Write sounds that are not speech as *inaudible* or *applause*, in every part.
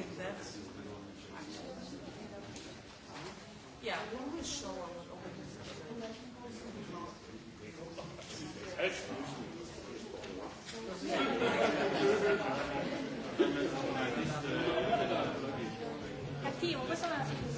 think that's yeah, we'll just show them what open Cattivo, questa è una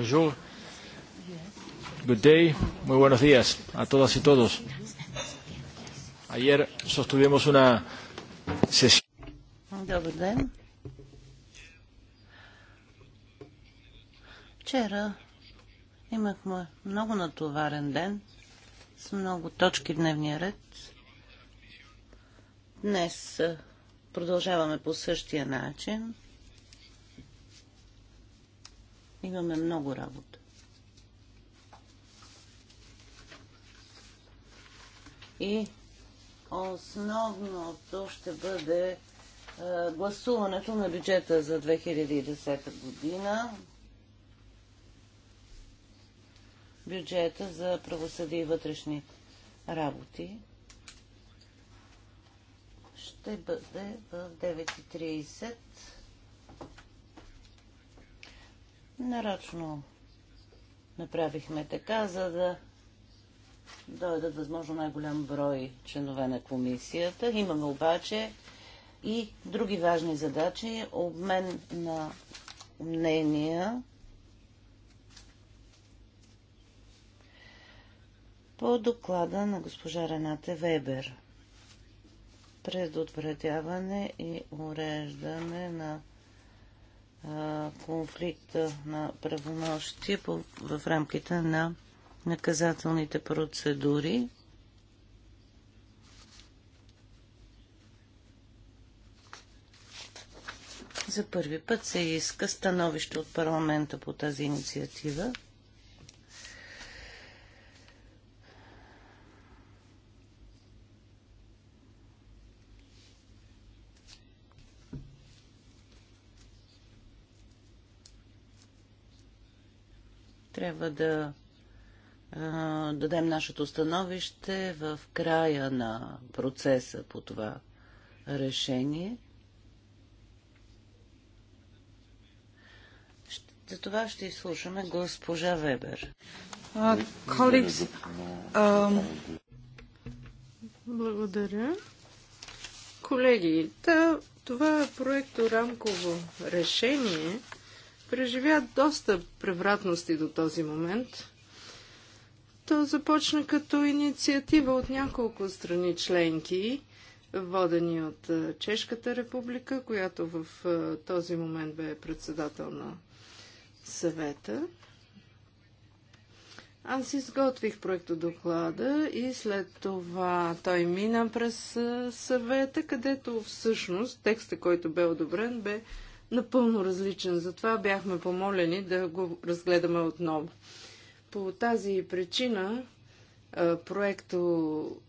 Bonjour. Good day. Muy buenos días a todas y todos. Ayer sostuvimos una sesión. Добър ден. Вчера имахме много натоварен ден с много точки в дневния ред. Днес продължаваме по същия начин. Имаме много работа. И основното ще бъде гласуването на бюджета за 2010 година, бюджета за правосъдие и вътрешни работи, ще бъде в 9.30. Нарочно направихме така, за да дойдат възможно най-голям брой членове на комисията. Имаме обаче и други важни задачи, обмен на мнения по доклада на госпожа Рената Вебер предотвратяване и уреждане на конфликта на правомощи в рамките на наказателните процедури. За първи път се иска становище от парламента по тази инициатива. Трябва да а, дадем нашето становище в края на процеса по това решение. За това ще изслушаме госпожа Вебер. Uh, Благодаря. Колеги, това е проекто рамково решение преживя доста превратности до този момент. То започна като инициатива от няколко страни членки, водени от Чешката република, която в този момент бе председател на съвета. Аз изготвих проекта доклада и след това той мина през съвета, където всъщност текста, който бе одобрен, бе напълно различен. Затова бяхме помолени да го разгледаме отново. По тази причина проекто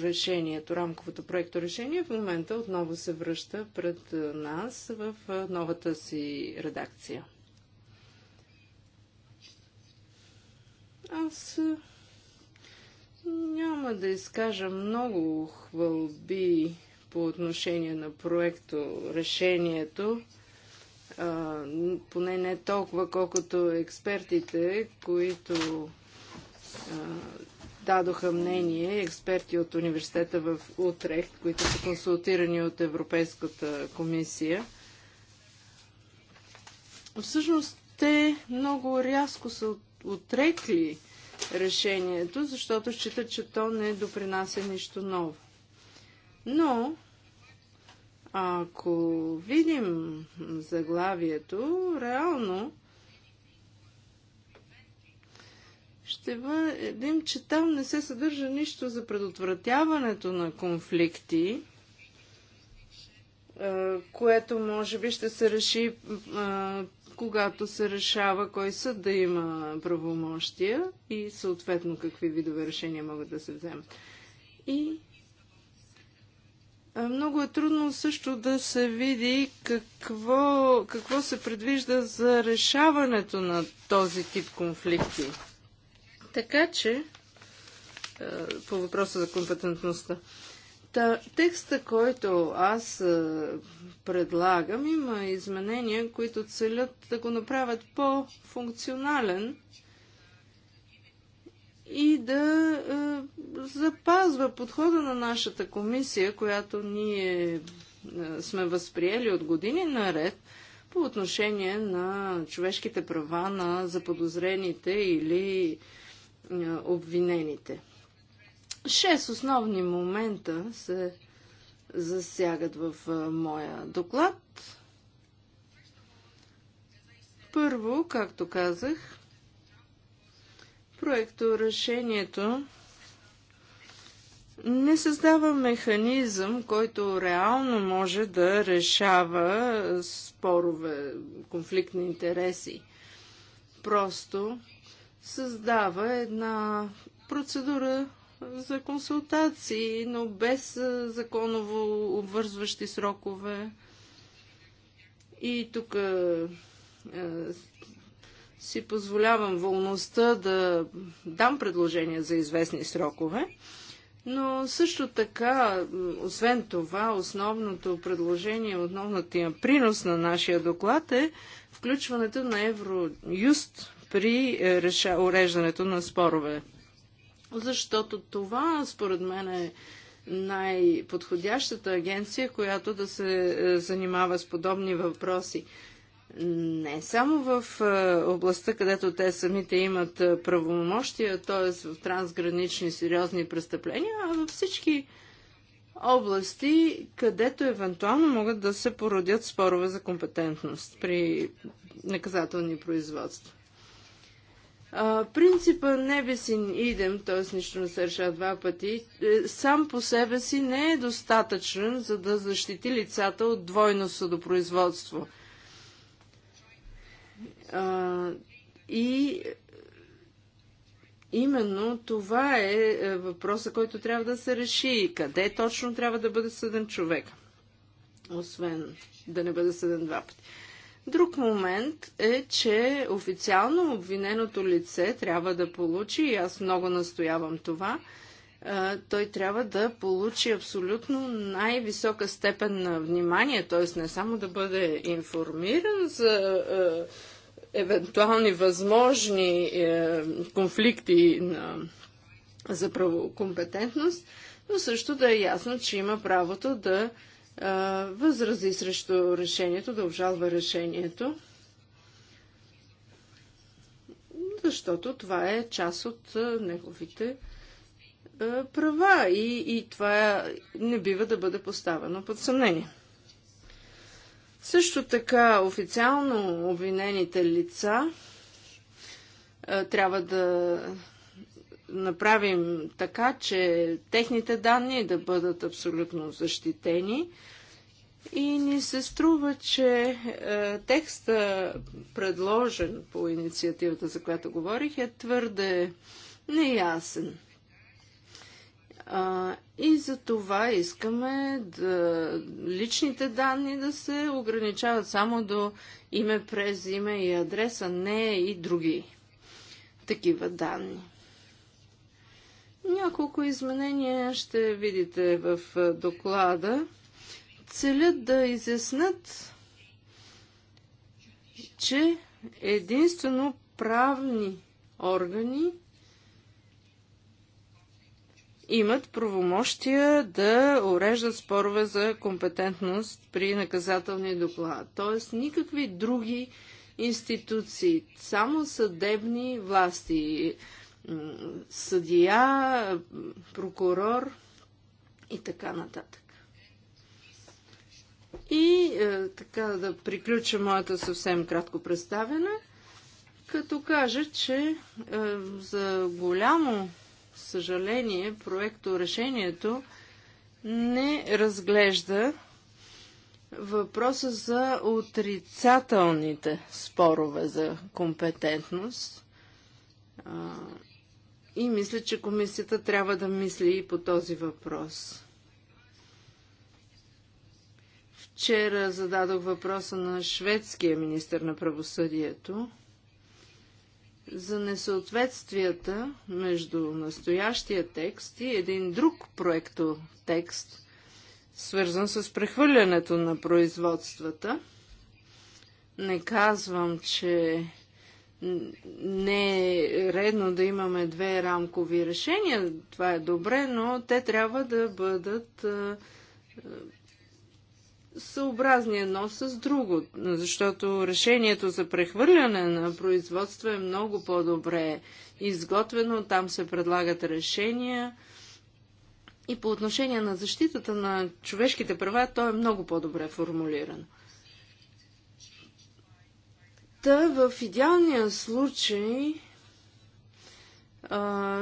решението, рамковото проекто решение в момента отново се връща пред нас в новата си редакция. Аз няма да изкажа много хвалби по отношение на проекто решението поне не толкова, колкото експертите, които дадоха мнение, експерти от университета в Утрех, които са консултирани от Европейската комисия. Всъщност те много рязко са отрекли решението, защото считат, че то не допринася нищо ново. Но ако видим заглавието, реално ще видим, че там не се съдържа нищо за предотвратяването на конфликти, е, което може би ще се реши, е, когато се решава кой съд да има правомощия и съответно какви видове решения могат да се вземат. И е, много е трудно също да се види какво, какво се предвижда за решаването на този тип конфликти. Така че, е, по въпроса за компетентността. текста, който аз е, предлагам, има изменения, които целят да го направят по-функционален и да е, запазва подхода на нашата комисия, която ние е, сме възприели от години наред по отношение на човешките права на заподозрените или е, обвинените. Шест основни момента се засягат в е, моя доклад. Първо, както казах, проекто решението не създава механизъм, който реално може да решава спорове, конфликтни интереси. Просто създава една процедура за консултации, но без законово обвързващи срокове. И тук е, си позволявам волността да дам предложения за известни срокове, но също така, освен това, основното предложение, основната им принос на нашия доклад е включването на Евроюст при е, реша... уреждането на спорове. Защото това, според мен, е най-подходящата агенция, която да се е, занимава с подобни въпроси не само в е, областта, където те самите имат е, правомощия, т.е. в трансгранични сериозни престъпления, а във всички области, където евентуално могат да се породят спорове за компетентност при наказателни производства. принципа не би си идем, т.е. нищо не се решава два пъти, е, сам по себе си не е достатъчен, за да защити лицата от двойно съдопроизводство – и именно това е, е въпроса, който трябва да се реши. Къде точно трябва да бъде съден човек? Освен да не бъде съден два пъти. Друг момент е, че официално обвиненото лице трябва да получи, и аз много настоявам това, той трябва да получи абсолютно най-висока степен на внимание, т.е. не само да бъде информиран за евентуални възможни е, конфликти на, за правокомпетентност, но също да е ясно, че има правото да е, възрази срещу решението, да обжалва решението, защото това е част от е, неговите е, права и, и това не бива да бъде поставено под съмнение. Също така официално обвинените лица трябва да направим така, че техните данни да бъдат абсолютно защитени. И ни се струва, че текста, предложен по инициативата, за която говорих, е твърде неясен. А, и за това искаме да, личните данни да се ограничават само до име, през име и адреса, не и други такива данни. Няколко изменения ще видите в доклада. Целят да изяснат, че единствено правни органи имат правомощия да уреждат спорове за компетентност при наказателни доклад. Тоест никакви други институции, само съдебни власти, съдия, прокурор и така нататък. И е, така да приключа моята съвсем кратко представена, като кажа, че е, за голямо съжаление, проекто решението не разглежда въпроса за отрицателните спорове за компетентност. и мисля, че комисията трябва да мисли и по този въпрос. Вчера зададох въпроса на шведския министр на правосъдието за несъответствията между настоящия текст и един друг проекто текст, свързан с прехвърлянето на производствата. Не казвам, че не е редно да имаме две рамкови решения, това е добре, но те трябва да бъдат съобразни едно с друго, защото решението за прехвърляне на производство е много по-добре изготвено, там се предлагат решения и по отношение на защитата на човешките права, то е много по-добре формулирано. Та в идеалния случай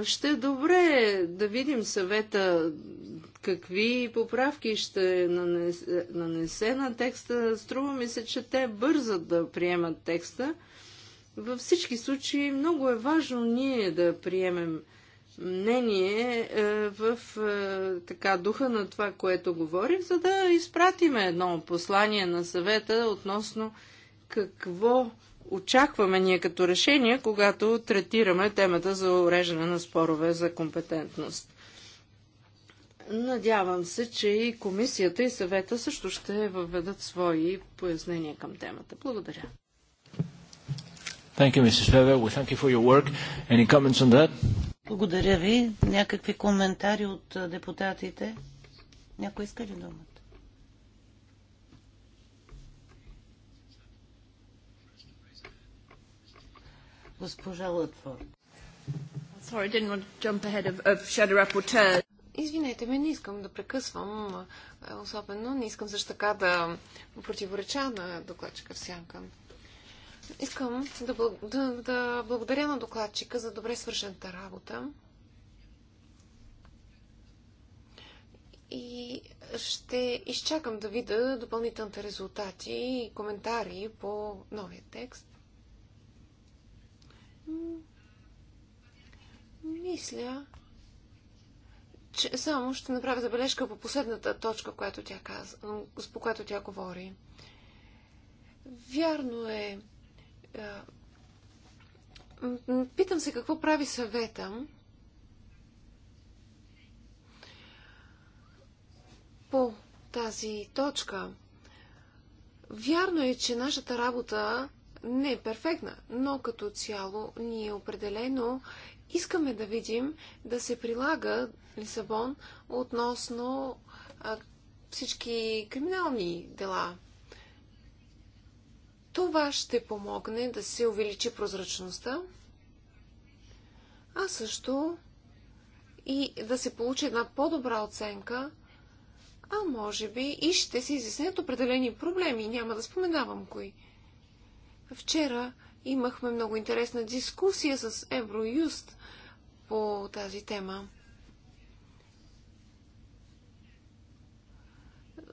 ще е добре да видим съвета какви поправки ще нанесе, нанесе на текста. Струва ми се, че те бързат да приемат текста. Във всички случаи много е важно ние да приемем мнение е, в е, така духа на това, което говорим, за да изпратим едно послание на съвета относно какво очакваме ние като решение, когато третираме темата за уреждане на спорове за компетентност. Надявам се, че и комисията и съвета също ще въведат свои пояснения към темата. Благодаря. Thank you, Mrs. Weber. We thank you for your work. Any comments on that? Благодаря ви. Някакви коментари от депутатите? Някой иска ли думата? Госпожа Лътфорд. Sorry, I didn't want to jump ahead of, of shadow rapporteur. Извинете ме, не искам да прекъсвам, особено не искам също така да противореча на докладчика сянка. Искам да, бъл... да, да благодаря на докладчика за добре свършената работа. И ще изчакам да видя допълнителните резултати и коментари по новия текст. Мисля, че само ще направя забележка по последната точка, която тя каза, по която тя говори. Вярно е. е питам се какво прави съвета по тази точка. Вярно е, че нашата работа не е перфектна, но като цяло ние определено Искаме да видим да се прилага Лисабон относно а, всички криминални дела. Това ще помогне да се увеличи прозрачността, а също и да се получи една по-добра оценка, а може би и ще се изяснят определени проблеми. Няма да споменавам кои. Вчера имахме много интересна дискусия с Евроюст по тази тема.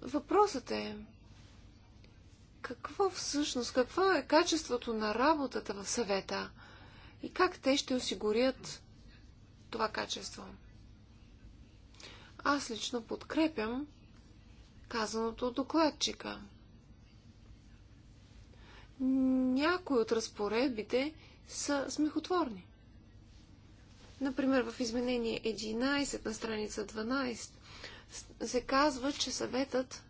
Въпросът е, какво всъщност, какво е качеството на работата в съвета и как те ще осигурят това качество? Аз лично подкрепям казаното от докладчика. Някои от разпоредбите са смехотворни. Например, в изменение 11 на страница 12 се казва, че съветът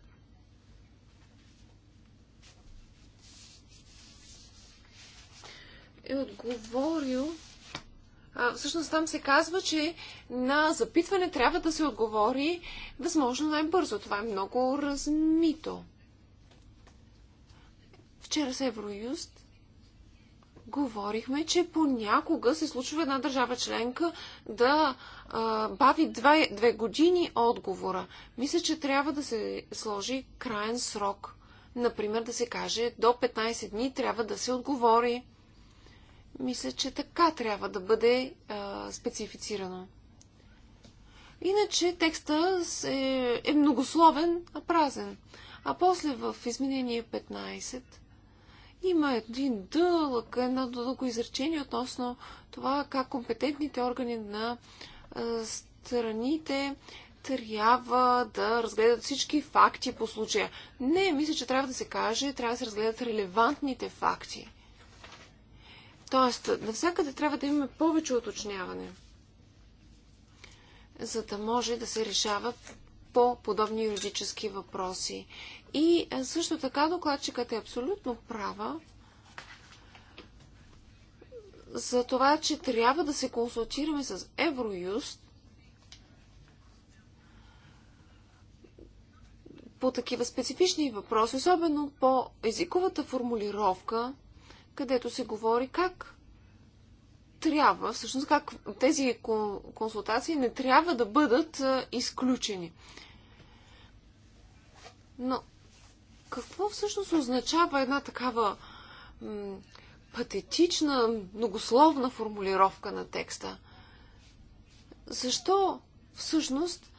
е отговорил. А, всъщност там се казва, че на запитване трябва да се отговори възможно най-бързо. Това е много размито. Вчера с Евроюст говорихме, че понякога се случва една държава членка да а, бави две, две години отговора. Мисля, че трябва да се сложи краен срок. Например, да се каже до 15 дни трябва да се отговори. Мисля, че така трябва да бъде а, специфицирано. Иначе текста е, е многословен, а празен. А после в изменение 15 има един дълъг, едно дълго изречение относно това как компетентните органи на страните трябва да разгледат всички факти по случая. Не, мисля, че трябва да се каже, трябва да се разгледат релевантните факти. Тоест, навсякъде трябва да имаме повече уточняване, за да може да се решават по подобни юридически въпроси. И е, също така докладчикът е абсолютно права за това, че трябва да се консултираме с Евроюст по такива специфични въпроси, особено по езиковата формулировка, където се говори как трябва, всъщност как тези консултации не трябва да бъдат изключени. Но какво всъщност означава една такава патетична, многословна формулировка на текста? Защо всъщност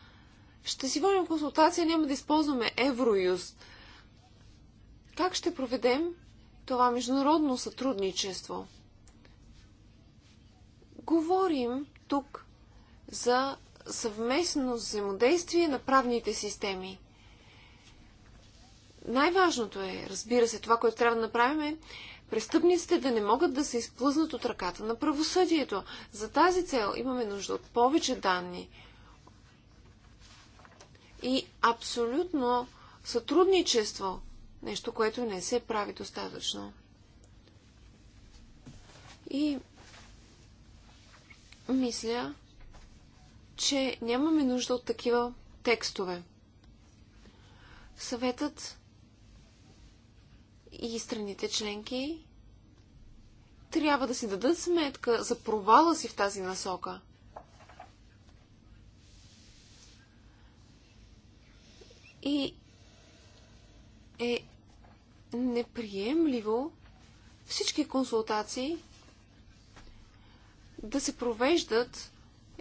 ще си водим консултация, няма да използваме Евроюст? Как ще проведем това международно сътрудничество? Говорим тук за съвместно взаимодействие на правните системи. Най-важното е, разбира се, това, което трябва да направим е престъпниците да не могат да се изплъзнат от ръката на правосъдието. За тази цел имаме нужда от повече данни. И абсолютно сътрудничество, нещо, което не се прави достатъчно. И мисля, че нямаме нужда от такива текстове. Съветът и страните членки трябва да си дадат сметка за провала си в тази насока. И е неприемливо всички консултации да се провеждат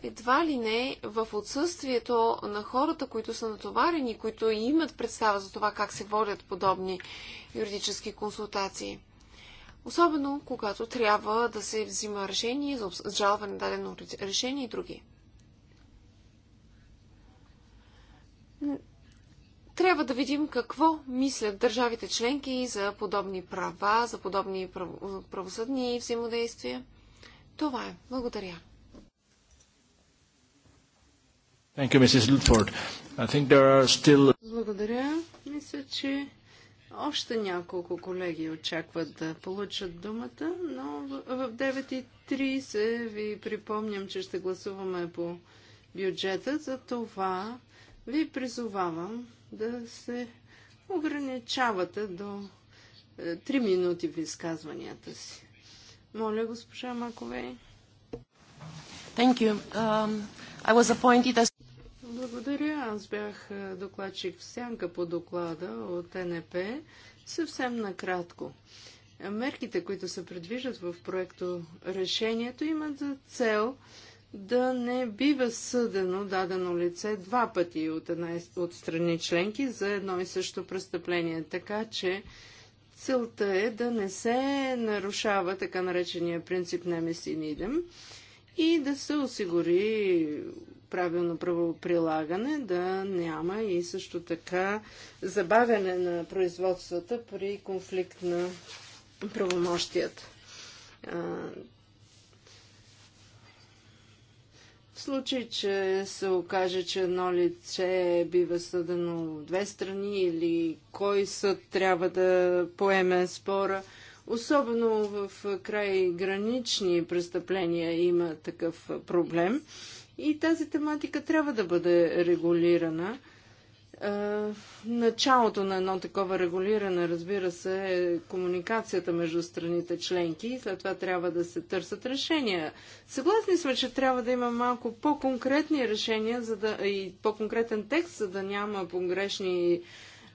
едва ли не в отсъствието на хората, които са натоварени, които имат представа за това как се водят подобни юридически консултации. Особено когато трябва да се взима решение за обжалване на дадено решение и други. Трябва да видим какво мислят държавите членки за подобни права, за подобни правосъдни взаимодействия. Това е. Благодаря. Thank you, Mrs. Lutford. I think there are still... Благодаря. Мисля, че още няколко колеги очакват да получат думата, но в 9.30 ви припомням, че ще гласуваме по бюджета. За това ви призовавам да се ограничавате до 3 е, минути в изказванията си. Моля, госпожа Маковей. Thank you. Um, I was appointed as... Благодаря. Аз бях докладчик в сянка по доклада от НП. Съвсем накратко. Мерките, които се предвиждат в проекто решението, имат за цел да не бива съдено дадено лице два пъти от, една, от страни членки за едно и също престъпление. Така че Целта е да не се нарушава така наречения принцип на месинидем и да се осигури правилно правоприлагане, да няма и също така забавяне на производствата при конфликт на правомощията. случай, че се окаже, че едно лице бива съдено в две страни или кой съд трябва да поеме спора, особено в край гранични престъпления има такъв проблем. И тази тематика трябва да бъде регулирана. Е, началото на едно такова регулиране, разбира се, е комуникацията между страните членки и след това трябва да се търсят решения. Съгласни сме, че трябва да има малко по-конкретни решения за да, и по-конкретен текст, за да няма погрешни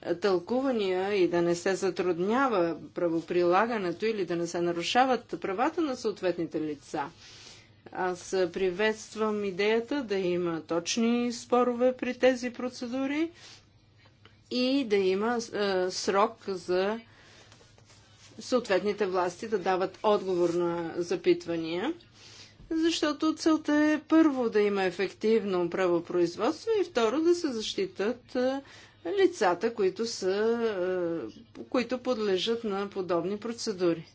е, тълкувания и да не се затруднява правоприлагането или да не се нарушават правата на съответните лица. Аз приветствам идеята да има точни спорове при тези процедури и да има е, срок за съответните власти да дават отговор на запитвания, защото целта е първо да има ефективно правопроизводство и второ да се защитат е, лицата, които, са, е, които подлежат на подобни процедури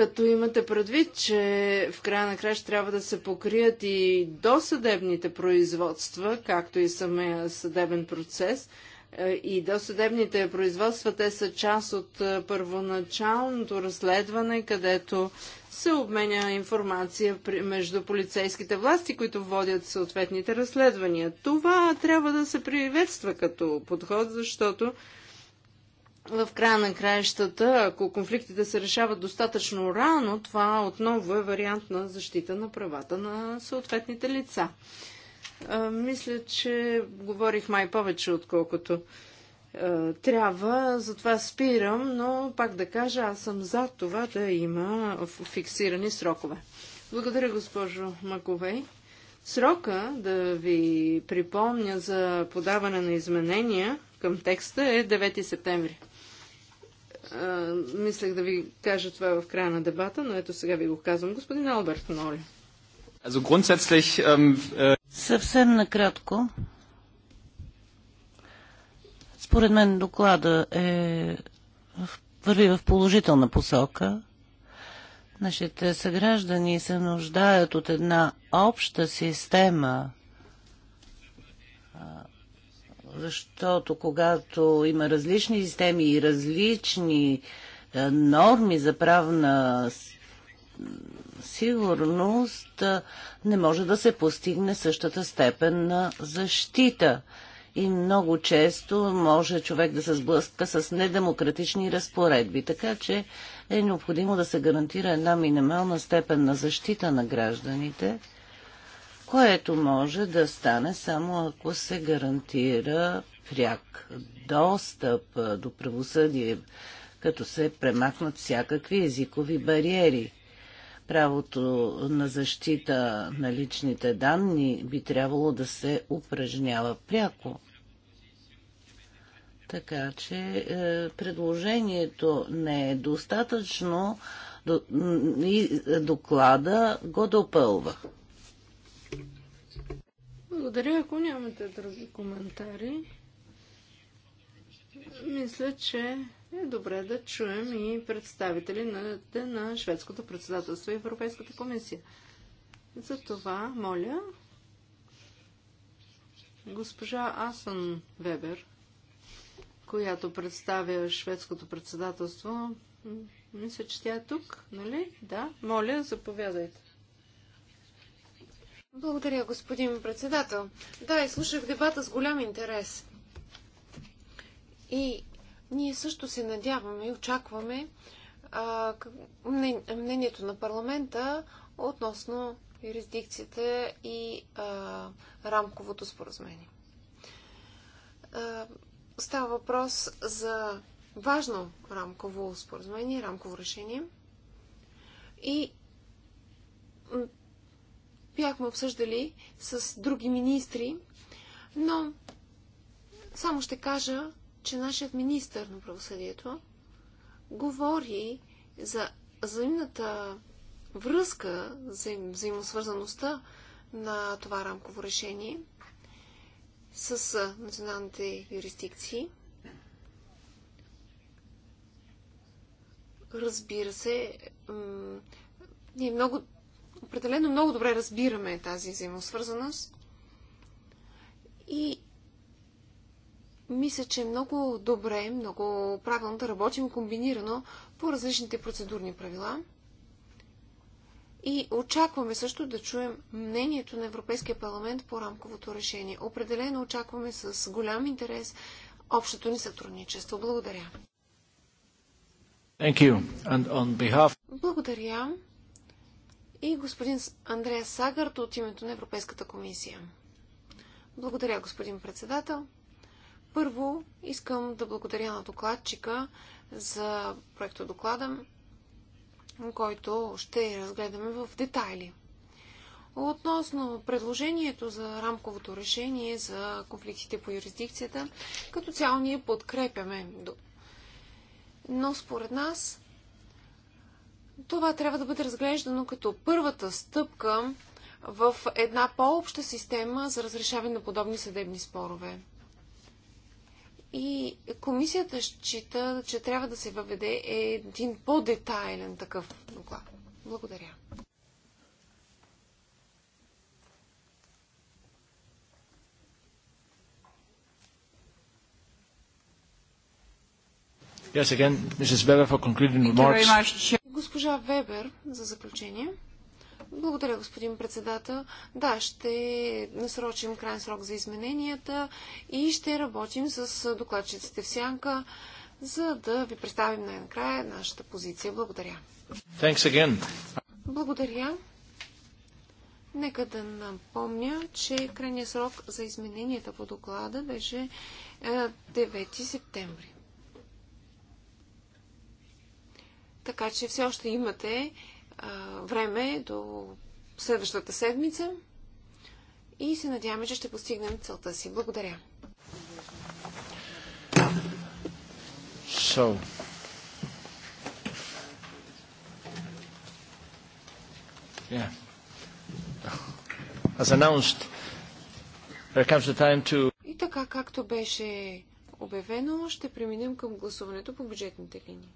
като имате предвид, че в края на края трябва да се покрият и досъдебните производства, както и самия съдебен процес, е, и досъдебните производства, те са част от е, първоначалното разследване, където се обменя информация между полицейските власти, които водят съответните разследвания. Това трябва да се приветства като подход, защото в края на краищата, ако конфликтите се решават достатъчно рано, това отново е вариант на защита на правата на съответните лица. А, мисля, че говорих май повече, отколкото а, трябва, затова спирам, но пак да кажа, аз съм за това да има фиксирани срокове. Благодаря, госпожо Маковей. Срока да ви припомня за подаване на изменения към текста е 9 септември. А, мислех да ви кажа това в края на дебата, но ето сега ви го казвам. Господин Алберт, моля. Also grundsätzlich, ähm, äh... Съвсем накратко. Според мен доклада е върви в положителна посока. Нашите съграждани се нуждаят от една обща система защото когато има различни системи и различни е, норми за правна сигурност, е, не може да се постигне същата степен на защита. И много често може човек да се сблъска с недемократични разпоредби. Така че е необходимо да се гарантира една минимална степен на защита на гражданите което може да стане само ако се гарантира пряк достъп до правосъдие, като се премахнат всякакви езикови бариери. Правото на защита на личните данни би трябвало да се упражнява пряко. Така че е, предложението не е достатъчно и доклада го допълва. Благодаря, ако нямате други коментари. Мисля, че е добре да чуем и представители на, на шведското председателство и Европейската комисия. За това, моля, госпожа Асън Вебер, която представя шведското председателство, мисля, че тя е тук, нали? Да, моля, заповядайте. Благодаря, господин председател. Да, изслушах дебата с голям интерес. И ние също се надяваме и очакваме а, мнението на парламента относно юрисдикцията и а, рамковото споразумение. А, става въпрос за важно рамково споразумение, рамково решение. И бяхме обсъждали с други министри, но само ще кажа, че нашият министр на правосъдието говори за взаимната връзка, взаим, взаимосвързаността на това рамково решение с националните юрисдикции. Разбира се, ние много определено много добре разбираме тази взаимосвързаност и мисля, че е много добре, много правилно да работим комбинирано по различните процедурни правила. И очакваме също да чуем мнението на Европейския парламент по рамковото решение. Определено очакваме с голям интерес общото ни сътрудничество. Благодаря. Behalf... Благодаря и господин Андрея Сагърт от името на Европейската комисия. Благодаря, господин председател. Първо, искам да благодаря на докладчика за проекта доклада, който ще разгледаме в детайли. Относно предложението за рамковото решение за конфликтите по юрисдикцията, като цяло ние подкрепяме. Но според нас това трябва да бъде разглеждано като първата стъпка в една по-обща система за разрешаване на подобни съдебни спорове. И комисията счита, че трябва да се въведе един по-детайлен такъв доклад. Благодаря. Yes, again, Mrs. Weber for concluding remarks. Госпожа Вебер, за заключение. Благодаря, господин председател. Да, ще насрочим крайен срок за измененията и ще работим с докладчиците в сянка, за да ви представим най-накрая нашата позиция. Благодаря. Благодаря. Нека да напомня, че крайният срок за измененията по доклада беше 9 е, септември. Така че все още имате а, време до следващата седмица и се надяваме, че ще постигнем целта си. Благодаря. So. Yeah. As announced, there comes the time to... И така, както беше обявено, ще преминем към гласуването по бюджетните линии.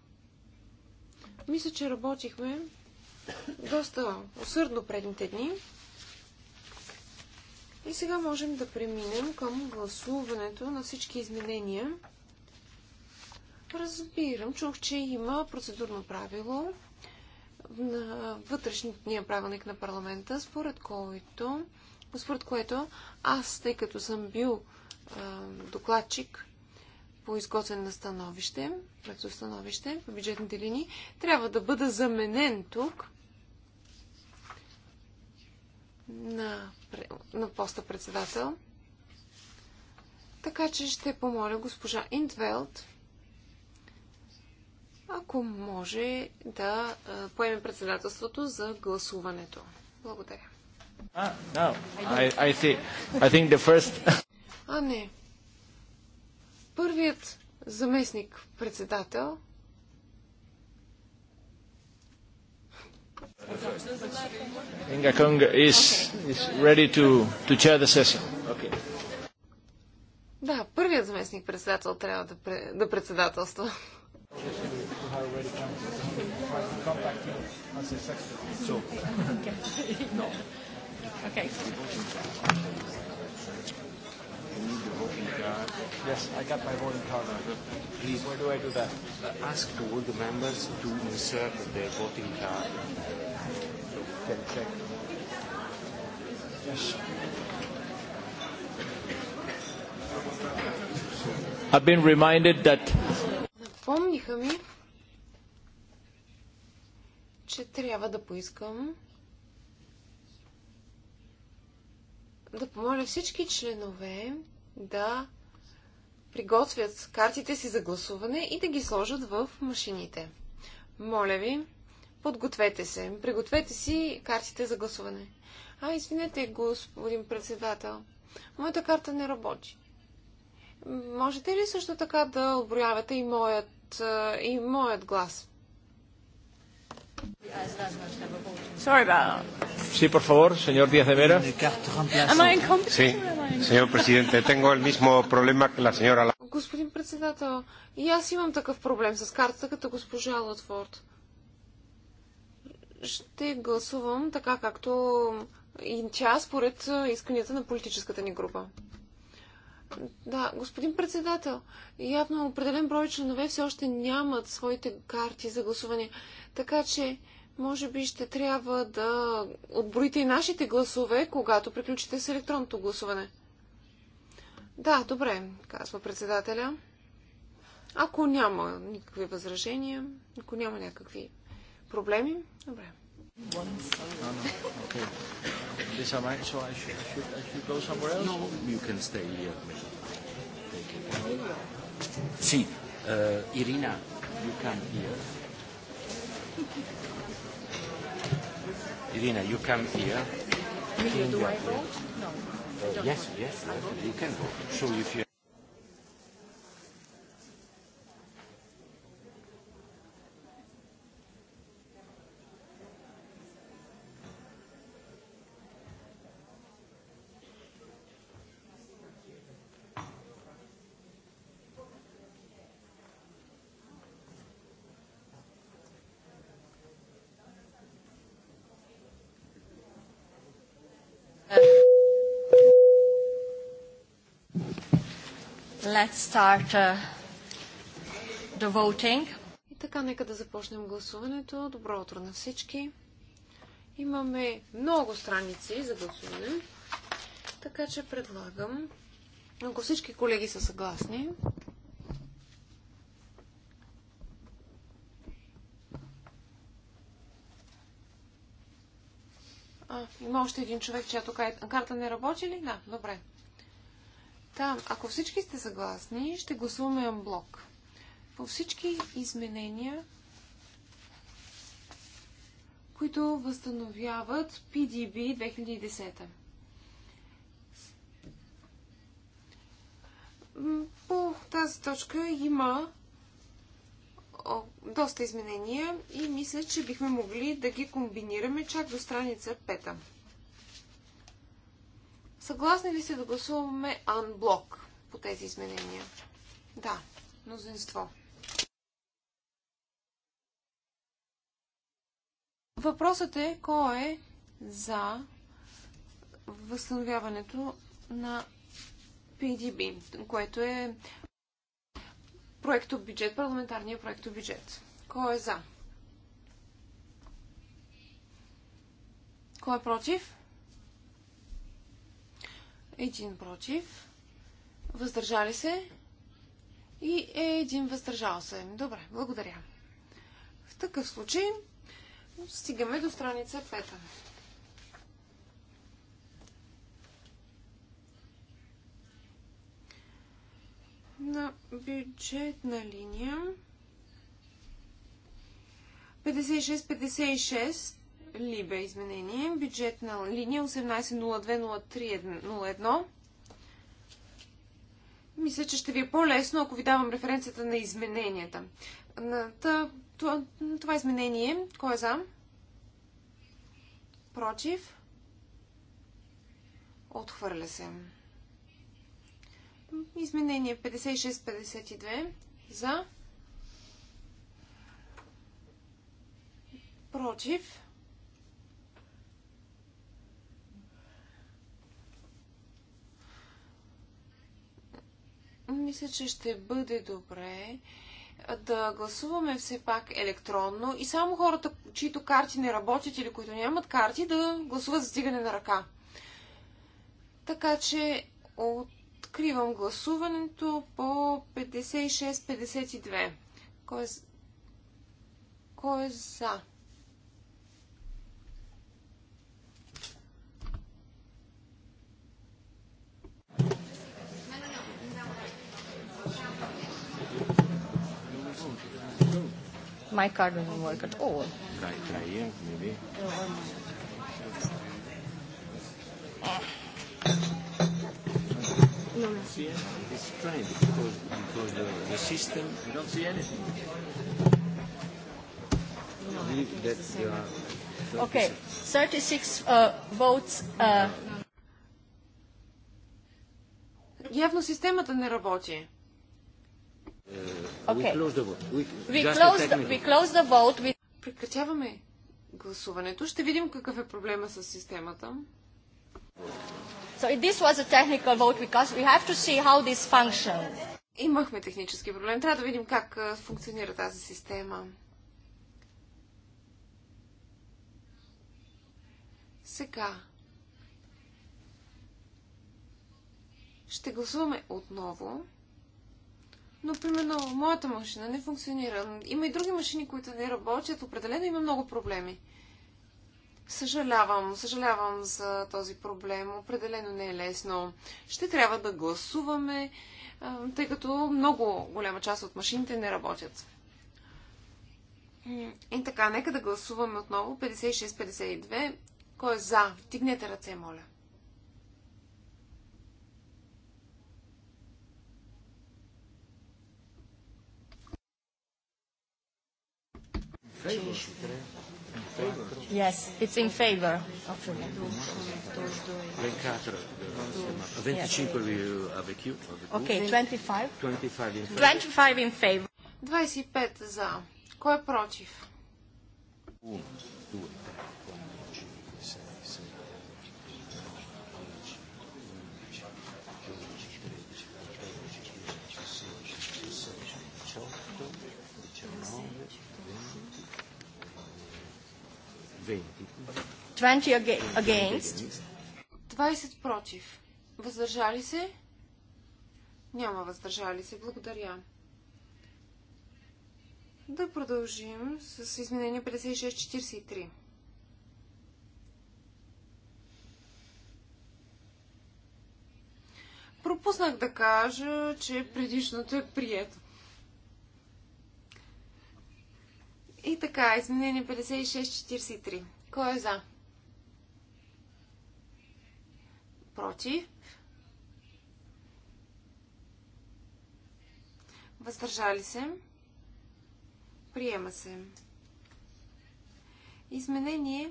Мисля, че работихме доста усърдно предните дни. И сега можем да преминем към гласуването на всички изменения. Разбирам, чух, че има процедурно правило на вътрешния правилник на парламента, според който, според което аз, тъй като съм бил а, докладчик по изготвен на становище, проекто становище по бюджетните линии, трябва да бъде заменен тук на, на поста председател. Така че ще помоля госпожа Интвелт, ако може да поеме председателството за гласуването. Благодаря. А, ah, no. I, I see. I think the first... а не първият заместник председател Инга Kung is, is ready to, to chair the session. Okay. Да, първият заместник председател трябва да, да председателства. Okay need the voting card. Yes, I got my voting card. Please, where do I do that? Ask all the members to insert their voting card. So check. Yes. I've been reminded that Помниха ми, че трябва да поискам да помоля всички членове да приготвят картите си за гласуване и да ги сложат в машините. Моля ви, подгответе се. Пригответе си картите за гласуване. А, извинете, господин председател. Моята карта не работи. Можете ли също така да оброявате и моят, е, и моят глас? Sorry about Sí, por favor, señor Díaz de Vera. Sí, señor presidente, tengo el mismo problema que la señora. Господин председател, и аз имам такъв проблем с картата като госпожа Лотфорд. Ще гласувам така както и тя според исканията на политическата ни група. Да, господин председател, явно определен брой членове все още нямат своите карти за гласуване. Така че, може би ще трябва да отброите и нашите гласове, когато приключите с електронното гласуване. Да, добре, казва председателя. Ако няма никакви възражения, ако няма някакви проблеми, добре. Ирина, uh, you come here. Irina, you come here. You Do I vote? No. Yes, yes, yes. You can vote. So if you Let's start uh, the voting. И така, нека да започнем гласуването. Добро утро на всички. Имаме много страници за гласуване, така че предлагам, ако всички колеги са съгласни, А, има още един човек, чиято карта не работи ли? Да, добре. Така, ако всички сте съгласни, ще гласуваме блок. По всички изменения, които възстановяват PDB 2010. По тази точка има доста изменения и мисля, че бихме могли да ги комбинираме чак до страница 5. Съгласни ли се да гласуваме анблок по тези изменения? Да, мнозинство. Въпросът е кой е за възстановяването на PDB, което е проекто бюджет, парламентарния проекто бюджет. Кой е за? Кой е против? един против, въздържали се и е един въздържал се. Добре, благодаря. В такъв случай стигаме до страница 5. На бюджетна линия 56-56 Либе изменение. Бюджетна линия 18020301. Мисля, че ще ви е по-лесно, ако ви давам референцията на измененията. това изменение, кой е за? Против? Отхвърля се. Изменение 56-52 за. Против. Мисля, че ще бъде добре да гласуваме все пак електронно и само хората, чието карти не работят или които нямат карти, да гласуват за стигане на ръка. Така че откривам гласуването по 56-52. Кой е, кой е за? my card doesn't work at all. Try, try here, maybe. No, no. See, it's strange because, because the, the system. You don't see anything. No, that's the uh, okay, 36 uh, votes. Uh... Явно системата не работи. Uh, Прекратяваме гласуването. Ще видим какъв е проблема с системата. So this was a technical vote because we have to see how this functions. Имахме технически проблем. Трябва да видим как функционира тази система. Сега ще гласуваме отново но, примерно, моята машина не функционира. Има и други машини, които не работят. Определено има много проблеми. Съжалявам, съжалявам за този проблем. Определено не е лесно. Ще трябва да гласуваме, тъй като много голяма част от машините не работят. И така, нека да гласуваме отново 56-52. Кой е за? Тигнете ръце, моля. Yes, it's in favor of it. 25 avec Okay, 25. 25 in favor. 25 in favor. 25 за. Кой е против? 2. 20 против. Въздържали се? Няма въздържали се. Благодаря. Да продължим с изменение 56-43. Пропуснах да кажа, че предишното е прието. И така, изменение 56-43. Кой е за? Против. Въздържали се. Приема се. Изменение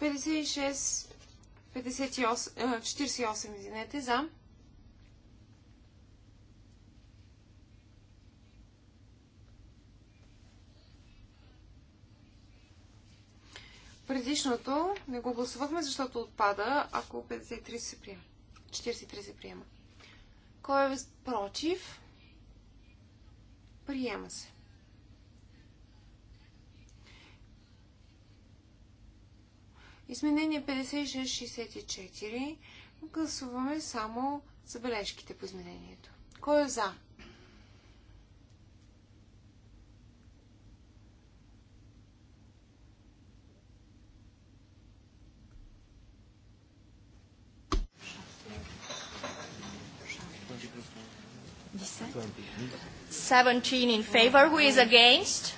56, 48, извинете, за. Предишното не го гласувахме, защото отпада, ако 53 се приема. 43 се приема. Кой е против? Приема се. Изменение 56-64. Гласуваме само забележките по изменението. Кой е за? 17 in favor. Who is against?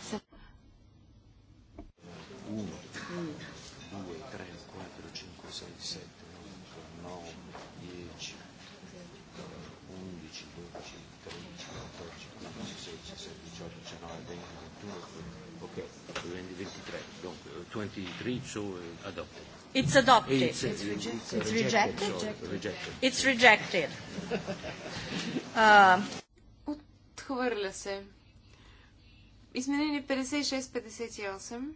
Ok, 23, so adopted. It's adopted. It's, it's, rejected. it's rejected. rejected. It's rejected. *laughs* Uh, Отхвърля се. Изменение 56-58.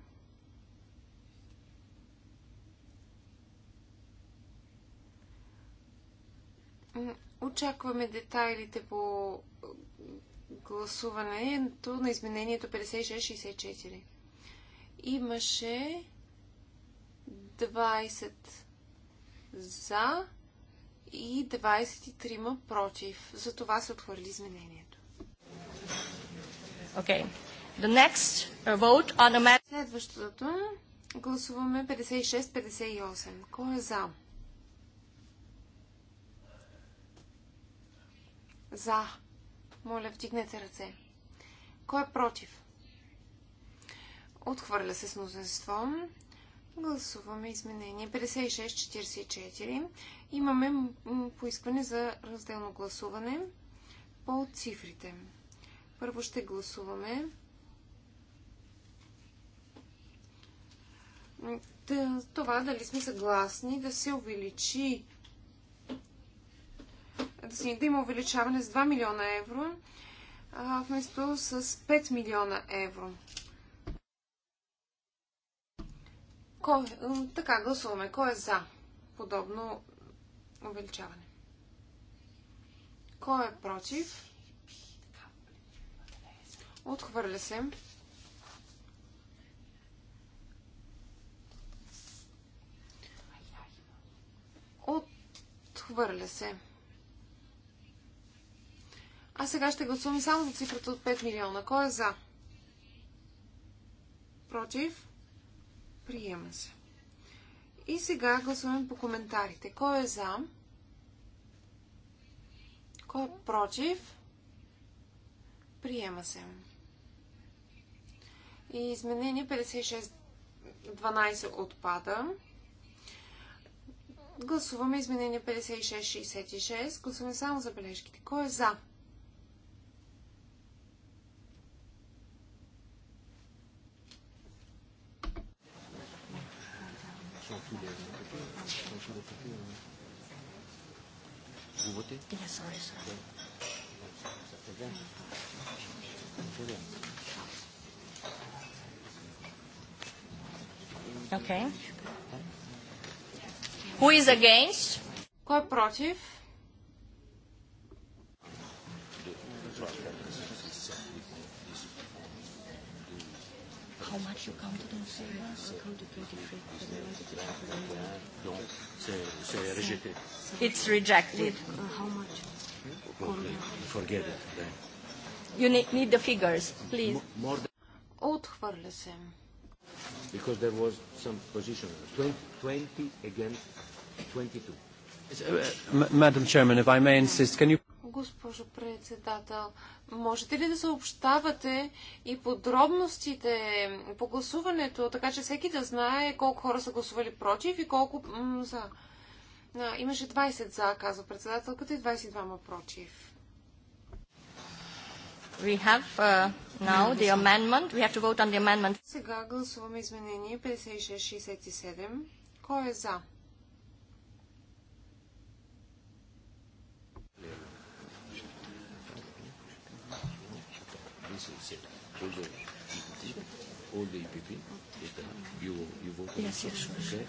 Очакваме детайлите по гласуването на изменението 56-64. Имаше 20 за и 23 против. За това се отхвърли изменението. Okay. The next uh, vote on the... Следващото гласуваме 56-58. Кой е за? За. Моля, вдигнете ръце. Кой е против? Отхвърля се с мнозинство. Гласуваме изменение 5644. Имаме поискване за разделно гласуване по цифрите. Първо ще гласуваме това дали сме съгласни да се увеличи да, си, да има увеличаване с 2 милиона евро а, вместо с 5 милиона евро. Кой, е, така, гласуваме. Кой е за подобно увеличаване? Кой е против? Отхвърля се. Отхвърля се. А сега ще гласуваме само за цифрата от 5 милиона. Кой е за? Против? Приема се. И сега гласуваме по коментарите. Кой е за? Кой е против? Приема се. И изменение 56.12 отпада. Гласуваме изменение 56.66. Гласуваме само забележките. Кой е за? Vous Okay. Who is against? Кой против? It's rejected. How much? Forget it. You need, the figures, please. Отхвърля се. Because there was some position. 20 against 22. Madam Chairman, if I may insist, can you... Госпожо председател, можете ли да съобщавате и подробностите по гласуването, така че всеки да знае колко хора са гласували против и колко за? А, имаше 20 за, казва председателката, и 22 против. We have uh, now the amendment. We have to vote on the amendment. Сега гласуваме изменение 5667. Кой е за? this is also EPP, all the EPP. Is Yes, yes, Okay.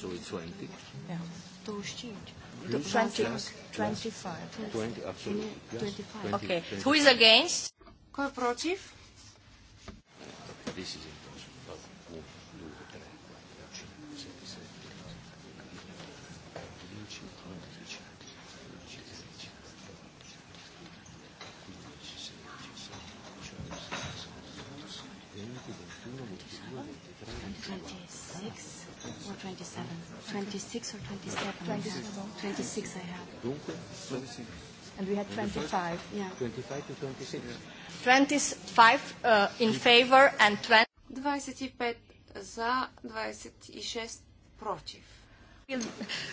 So it's 20? Yeah. 20, 25. 20, absolutely. Yes. 25. Okay. Who is against? Кой против? This is it. 26 or 27? 26 or 27? 27. 26 I have. And we had 25. Yeah. 25 to 26. 25 uh, in favor and 25 за, 26 против. We'll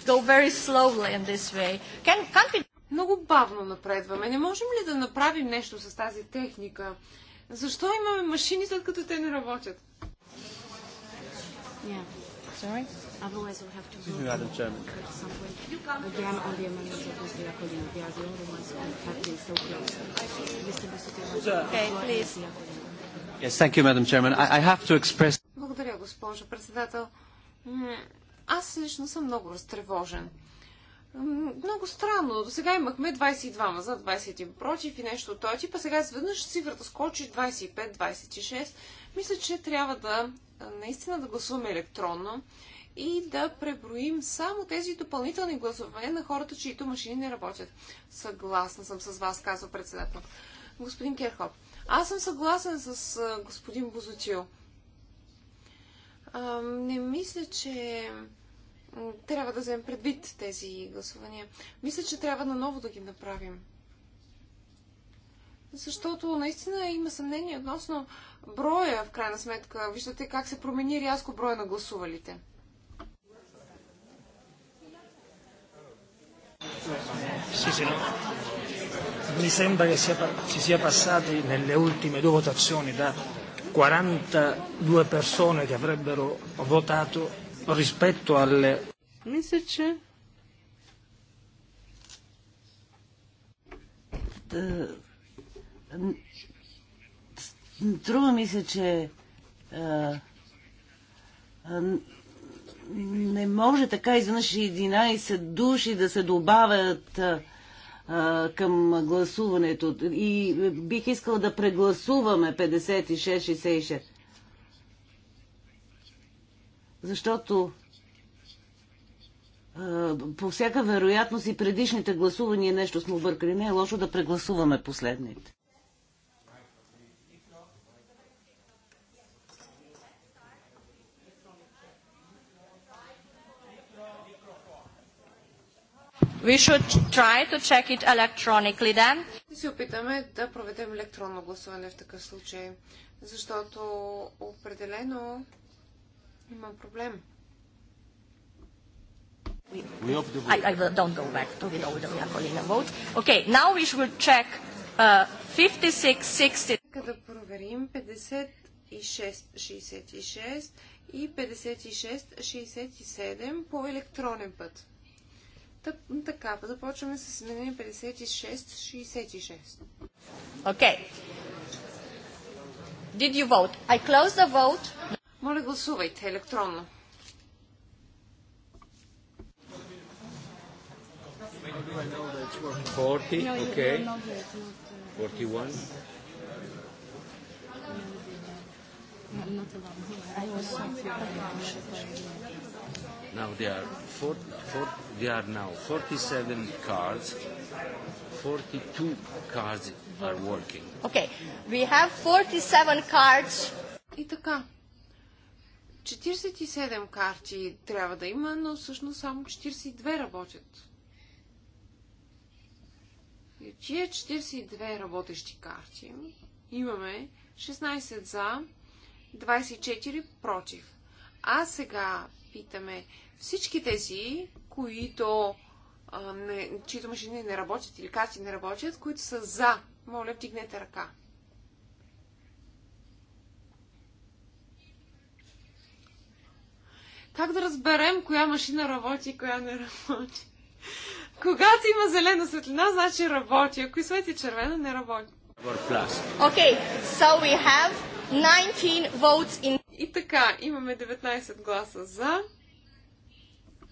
go very slowly in this way. Can, can't we... Много бавно напредваме. Не можем ли да направим нещо с тази техника? Защо имаме машини, след като те не работят? Yeah. Sorry? Otherwise we'll have to go you Madam Chairman. some way. Again, on the amendments of Mr. Iacolino. They are the only ones who have been so close. Mr. Busuttil. Okay, please. Yes, thank you, Madam Chairman. I, I have to express... Благодаря, госпожо председател. Аз лично съм много разтревожен. Много странно. До сега имахме 22 за 20 против и нещо от този тип, а сега изведнъж цифрата скочи 25-26. Мисля, че трябва да наистина да гласуваме електронно и да преброим само тези допълнителни гласове на хората, чието машини не работят. Съгласна съм с вас, казва председател. Господин Керхоп, аз съм съгласен с господин Бозотил. Не мисля, че трябва да вземем предвид тези гласувания. Мисля, че трябва наново да ги направим защото наистина има съмнение относно броя, в крайна сметка. Виждате как се промени рязко броя на гласувалите. Sì, sì, no. Mi sembra che sia, si sia passati nelle ultime due votazioni da 42 persone che avrebbero votato rispetto alle... Мисля, че Трува ми се, че а, а, не може така изведнъж 11 души да се добавят а, към гласуването. И бих искала да прегласуваме 56-66. Защото по всяка вероятност и предишните гласувания нещо сме объркали. Не е лошо да прегласуваме последните. Ще се опитаме да проведем електронно гласуване в такъв случай, защото определено имам проблем. We, Нека да проверим 56-66 и 56-67 по електронен път. Та, така, започваме с изменение 56-66. Окей. Okay. Did you vote? I close the vote. Моля, гласувайте електронно. Forty, okay. Forty-one. Not, not alone. I was so Now there are, four, four, there are now 47 cards, 42 cards are working. Okay, we have 47 cards. И така, 47 карти трябва да има, но всъщност само 42 работят. И от тия 42 работещи карти имаме 16 за, 24 против. А сега питаме всички тези, които не, чието машини не работят или карти не работят, които са за. Моля, вдигнете ръка. Как да разберем коя машина работи и коя не работи? Когато има зелена светлина, значи работи. Ако и свети червена, не работи. Окей, okay, so we have 19 votes in и така, имаме 19 гласа за.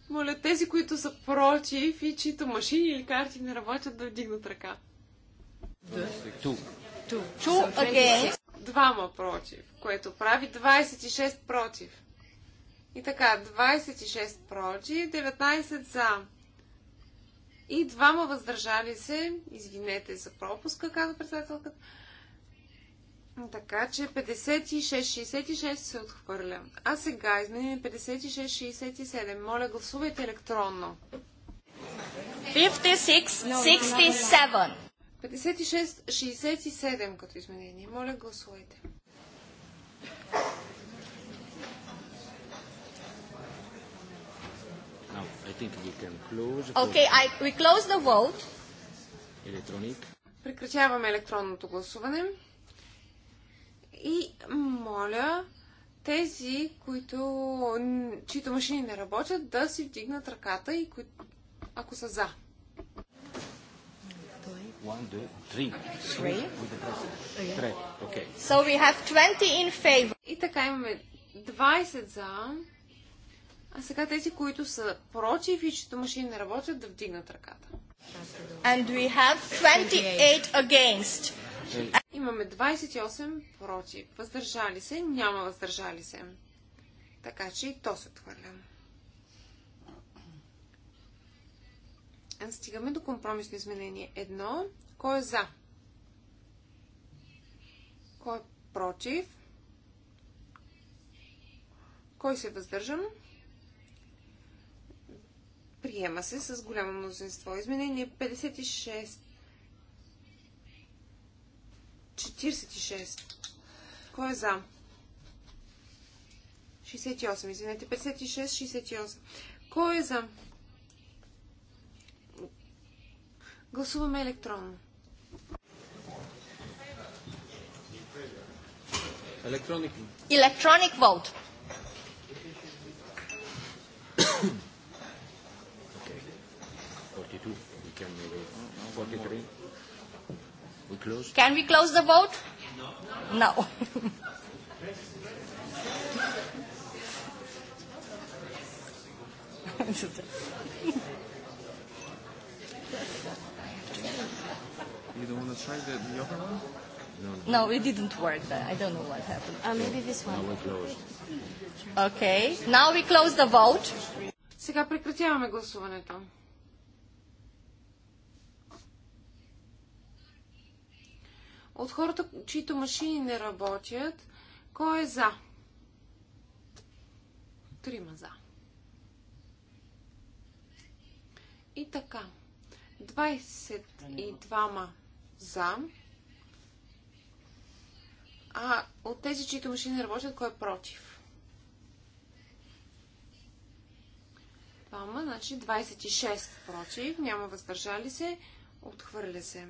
Моля тези, които са против и чието машини или карти не работят, да вдигнат ръка. Ту. Ту. Двама против, което прави 26 против. И така, 26 против, 19 за. И двама въздържали се, извинете за пропуска, каза председателката. Така че 56-66 се отхвърля. А сега изменим 56-67. Моля, гласувайте електронно. 56-67. 56-67 като изменение. Моля, гласувайте. Now, I think we can close. Okay, I, we close the vote. Electronic. Прекратяваме електронното гласуване. И моля тези, които, чието машини не работят, да си вдигнат ръката и кои... ако са за. Okay. So we have 20 in favor. И така имаме 20 за. А сега тези, които са против и чето машини не работят, да вдигнат ръката. And we have 28 against. Е, Имаме 28 против. Въздържали се? Няма въздържали се. Така че и то се отхвърля. Стигаме до компромисно изменение. Едно. Кой е за? Кой е против? Кой се е въздържан? Приема се с голямо мнозинство. Изменение 56. 46. Кой е за? 68, извинете. 56, 68. Кой е за? Гласуваме електронно. Електроник. Electronic vote. okay. 42. We can 43. Uh, We close. Can we close the vote? No. no. you don't want to try the, the other one? No, no. No, it didn't work. I don't know what happened. Uh, maybe this one. Now we close. Okay. Now we close the vote. Сега прекратяваме гласуването. от хората, чието машини не работят. Кой е за? Трима за. И така. 22 за. А от тези, чието машини не работят, кой е против? Двама, значи 26 против. Няма въздържали се. Отхвърля се.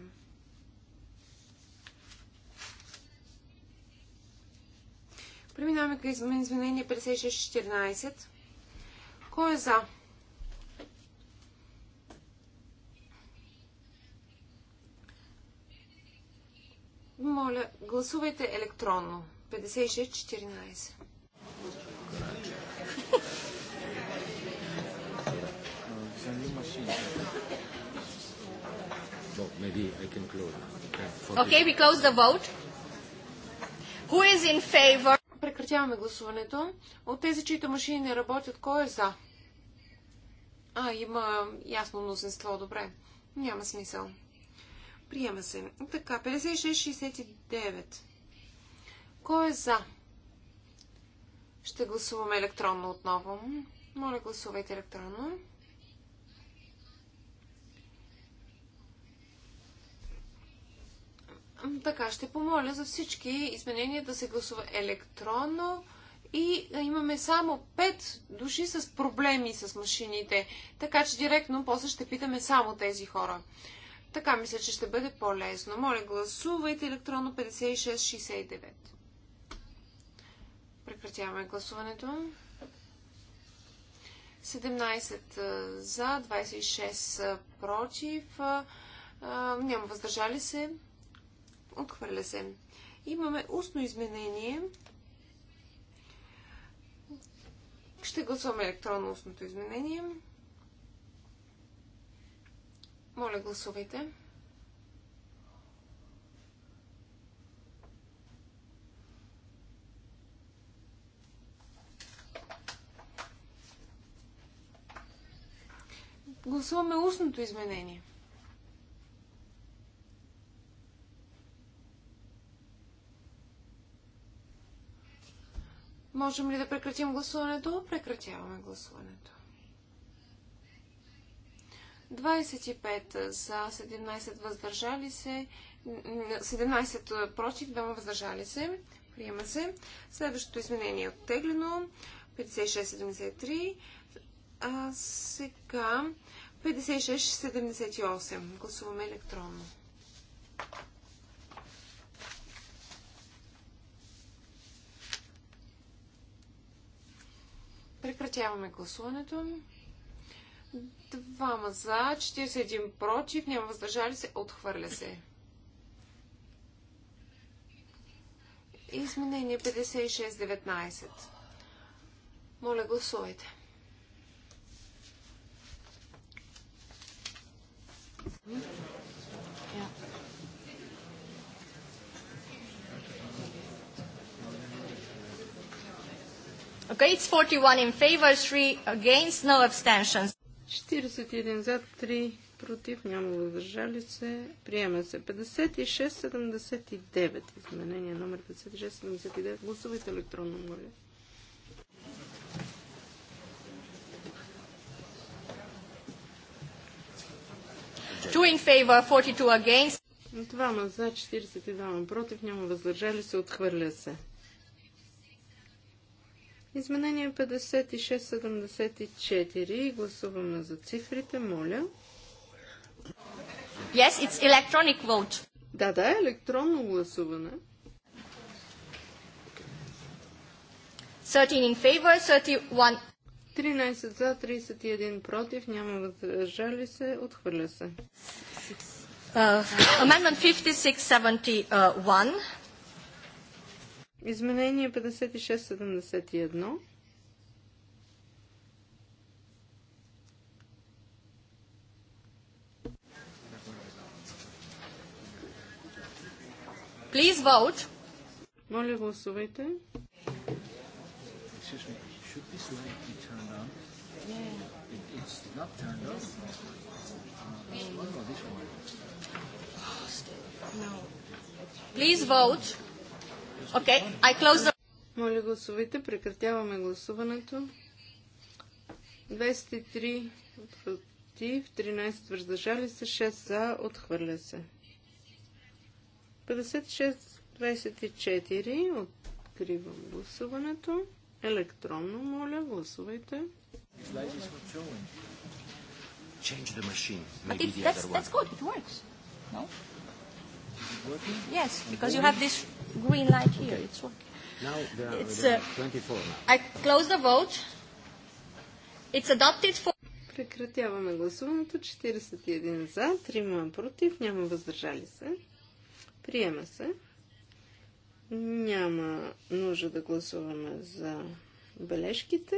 Преминаваме към изменение 5614. Кой е за? Моля, гласувайте електронно. 5614. Well, maybe I can close. Okay, we close the vote. Who is in favor? Прекратяваме гласуването. От тези, чието машини не работят, кой е за? А, има ясно мнозинство. Добре. Няма смисъл. Приема се. Така, 56-69. Кой е за? Ще гласуваме електронно отново. Моля, гласувайте електронно. Така, ще помоля за всички изменения да се гласува електронно и имаме само 5 души с проблеми с машините. Така че директно после ще питаме само тези хора. Така мисля, че ще бъде по-лесно. Моля, гласувайте електронно 5669. Прекратяваме гласуването. 17 за, 26 против. Няма въздържали се. Отхвърля се. Имаме устно изменение. Ще гласуваме електронно устното изменение. Моля, гласувайте. Гласуваме устното изменение. Можем ли да прекратим гласуването? Прекратяваме гласуването. 25 за 17 въздържали се, 17 против, 2 въздържали се. Приема се. Следващото изменение е оттеглено. 56-73. А сега 56-78. Гласуваме електронно. Прекратяваме гласуването. Двама за, 41 против, няма въздържали се, отхвърля се. Изменение 56-19. Моля, гласувайте. Mm-hmm. Okay, it's 41 in favor, 3 against, no abstentions. 41 за, 3 против, няма въздържали се. Приема се 56-79. Изменение номер 56-79. Гласувайте електронно, моля. Two in favor, 42 against. Двама за, 42 против, няма въздържали се, отхвърля се. Изменение 5674. и Гласуваме за цифрите, моля. Yes, it's electronic vote. Да, да, е електронно гласуване. 13 in favor, 31 13 за, 31 против, няма въздържали се, отхвърля се. Uh, amendment 5671. Изменение 5671. Please vote. Моля, гласувайте. Should this light be turned on? Yeah. It, it's not turned on. What about this one? Please vote. Okay, I close the... Моля гласовете, прекратяваме гласуването. 23 против, 13 въздържали се, 6 за, отхвърля се. 56-24, откривам гласуването. Електронно, моля, гласувайте. Change the machine. Maybe the other one. That's good. It works. No? Yes, because you have this green light here. It's working. Now there are, it's, uh, 24 now. I close the vote. It's adopted for... Прекратяваме гласуването. 41 за, 3 против, няма въздържали се. Приема се. Няма нужда да гласуваме за бележките.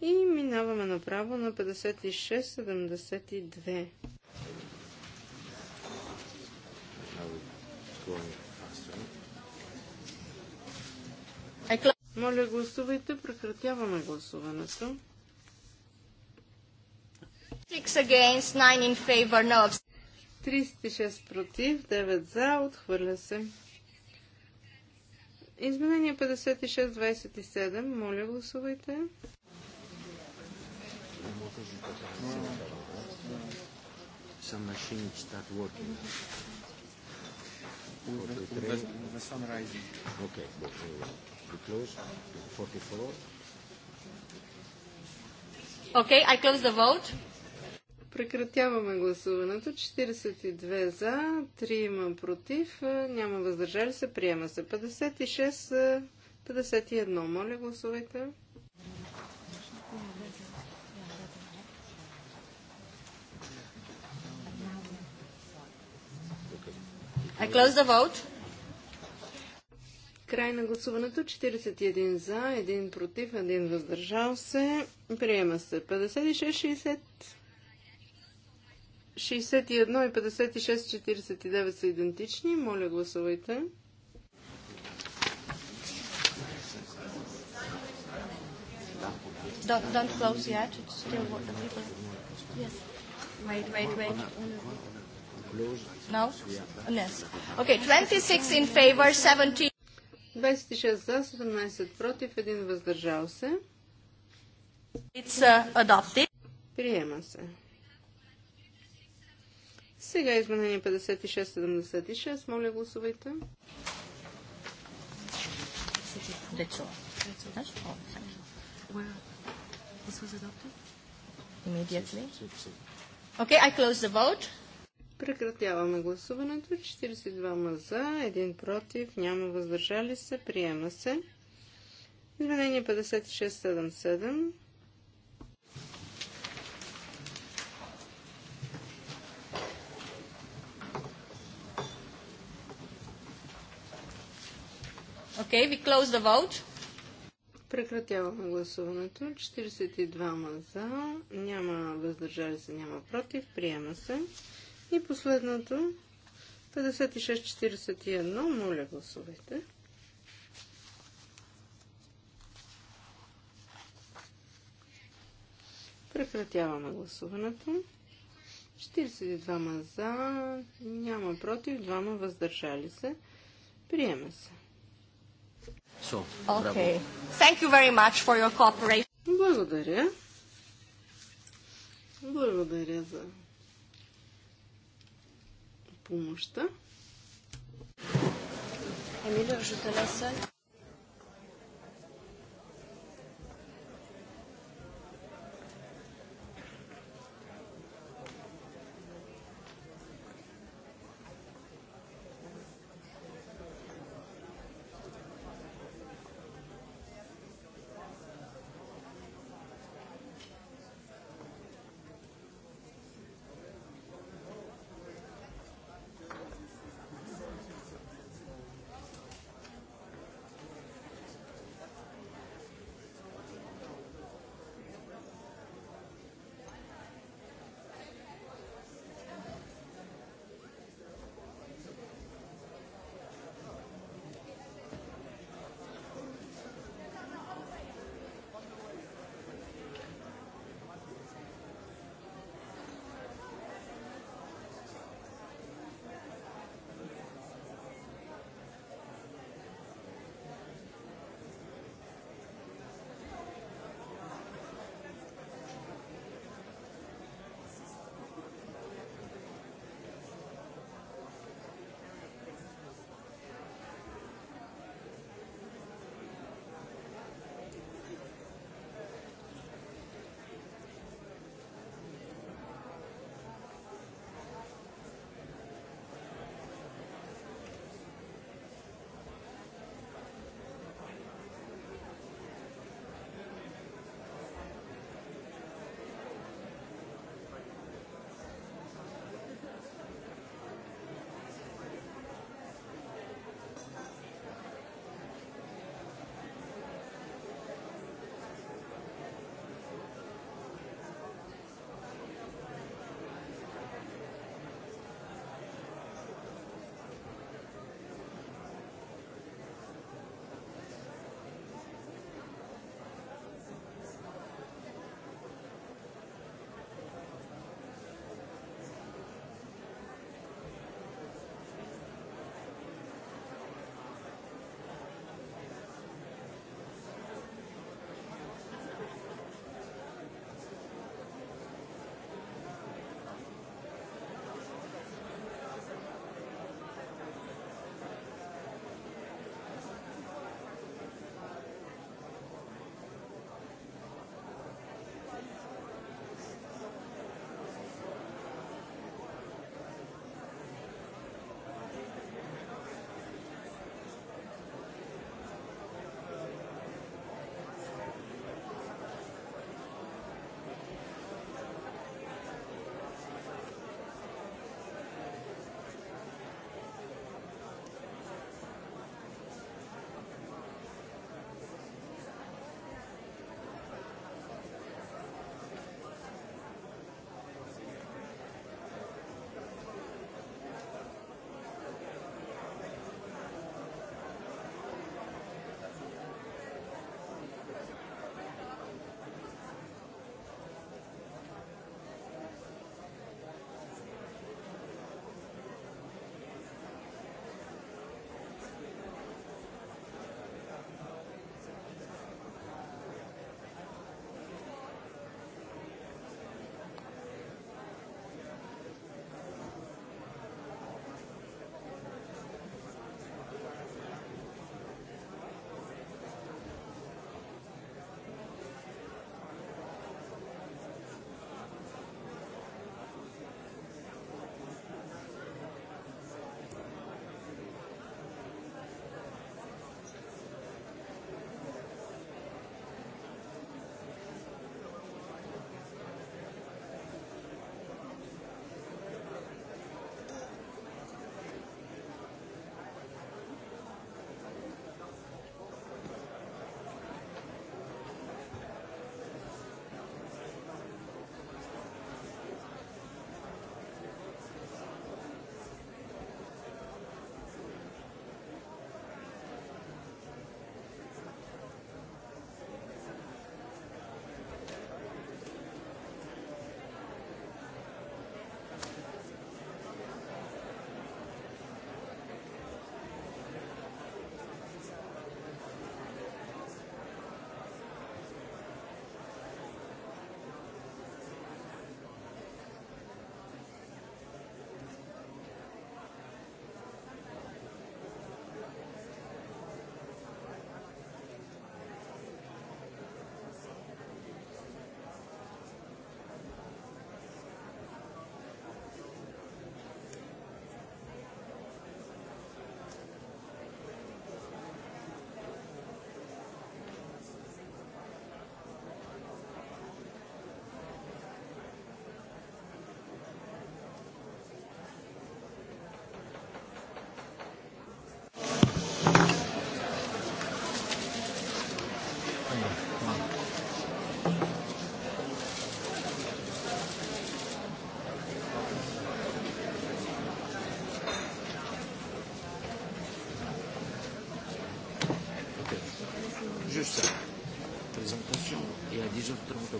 И минаваме направо на 56-72. Going Моля, гласувайте. Прекратяваме гласуването. 36 против, 9 за, отхвърля се. Изменение 56-27, моля гласувайте. Some machines start working. Okay, be closed. 44. Okay, I close the vote. Прекратяваме гласуването. 42 за, 3 има против, няма въздържали се, приема се. 56, 51. Моля, гласувайте. I close the vote. Край на гласуването 41 за, 1 против, 1 въздържал се. Приема се 56-60. 61 и 56-49 са идентични. Моля, гласувайте. Don't, don't close yet. It's still what the people. Yes. Wait, wait, wait. No? Yes. Okay, 26 in favor, 17. 26 за, 17 против, 1 въздържал се. It's uh, adopted. Приема се. Сега изменение 56-76. Моля, гласувайте. Immediately. Okay, I close the vote. Прекратяваме гласуването. 42 за, 1 против, няма въздържали се, приема се. Изменение 5677. Okay, we close the vote. Прекратяваме гласуването. 42 за, няма въздържали се, няма против, приема се. И последното, 56-41. моля гласувайте. Прекратяваме гласуването. 42 за, няма против, 2 въздържали се. Приема се. Благодаря. Благодаря за помощта. Емилио, je te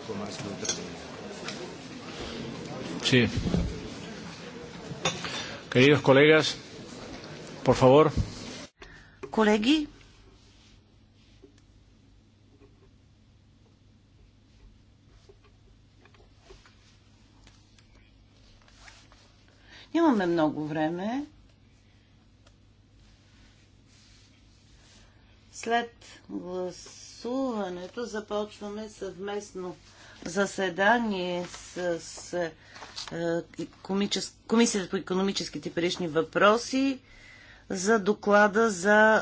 poco más dopo otra vez. Sí. Queridos colegas, por favor. Colegi, започваме съвместно заседание с, е, комичес... Комисията по економическите парични въпроси за доклада за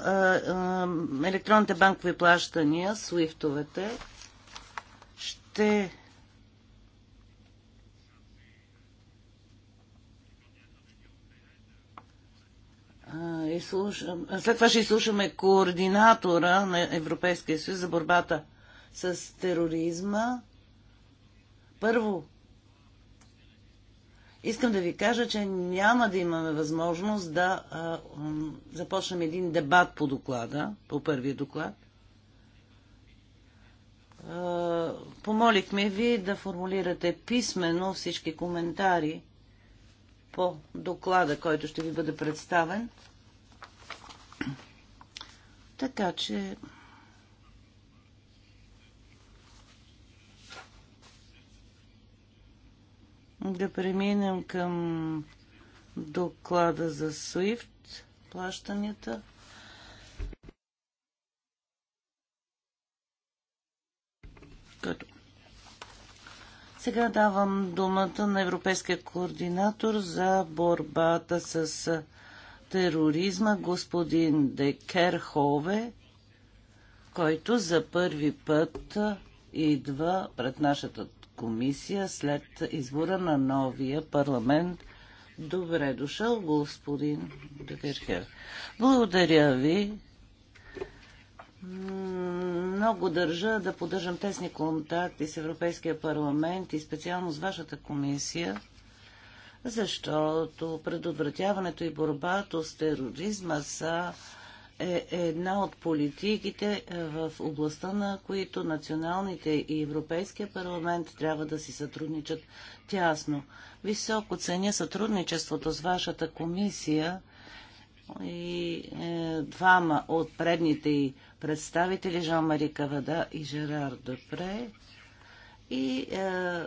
е, е, електронните банкови плащания, свифтовете. Ще е, След това ще изслушаме координатора на Европейския съюз за борбата с тероризма. Първо, искам да ви кажа, че няма да имаме възможност да а, започнем един дебат по доклада, по първия доклад. А, помолихме ви да формулирате писменно всички коментари по доклада, който ще ви бъде представен. Така че Да преминем към доклада за SWIFT, плащанията. Като сега давам думата на Европейския координатор за борбата с тероризма, господин Декерхове, който за първи път идва пред нашата комисия след избора на новия парламент. Добре дошъл, господин Декерхер. Благодаря ви. Много държа да поддържам тесни контакти с Европейския парламент и специално с вашата комисия, защото предотвратяването и борбата с тероризма са е една от политиките е, в областта, на които националните и Европейския парламент трябва да си сътрудничат тясно. Високо ценя сътрудничеството с вашата комисия и е, двама от предните и представители, Жан-Мари Кавада и Жерар Депре. И е,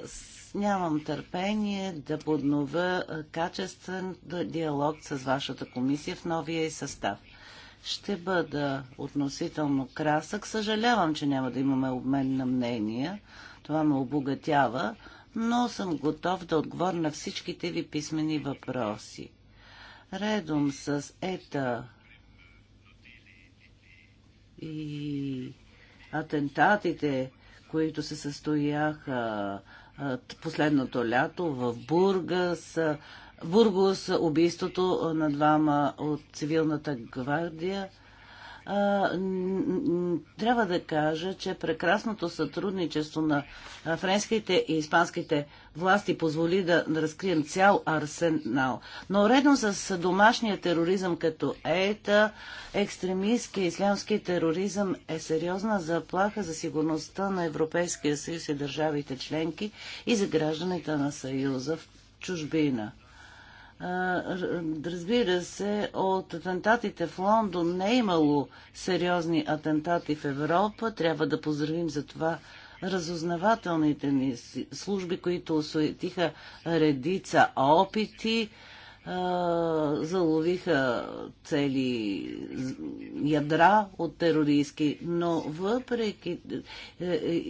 с, нямам търпение да подновя е, качествен диалог с вашата комисия в новия и състав. Ще бъда относително красък. Съжалявам, че няма да имаме обмен на мнения. Това ме обогатява, но съм готов да отговоря на всичките ви писмени въпроси. Редом с ета и атентатите, които се състояха последното лято в Бургас, Бургос, убийството на двама от цивилната гвардия. А, трябва да кажа, че прекрасното сътрудничество на френските и испанските власти позволи да разкрием цял арсенал. Но редно с домашния тероризъм като ЕТА, екстремистски ислямски тероризъм е сериозна заплаха за сигурността на Европейския съюз и държавите членки и за гражданите на Съюза в чужбина. Разбира се, от атентатите в Лондон не е имало сериозни атентати в Европа. Трябва да поздравим за това разузнавателните ни служби, които осуетиха редица опити, заловиха цели ядра от терористки, но въпреки е, е,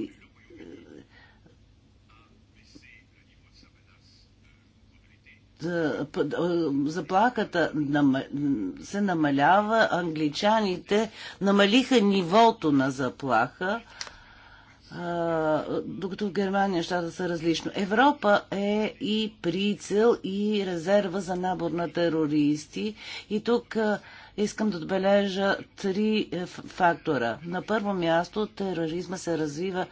Е, е, заплахата се намалява, англичаните намалиха нивото на заплаха, е, докато в Германия нещата са различно. Европа е и прицел, и резерва за набор на терористи. И тук искам да отбележа три фактора. На първо място тероризма се развива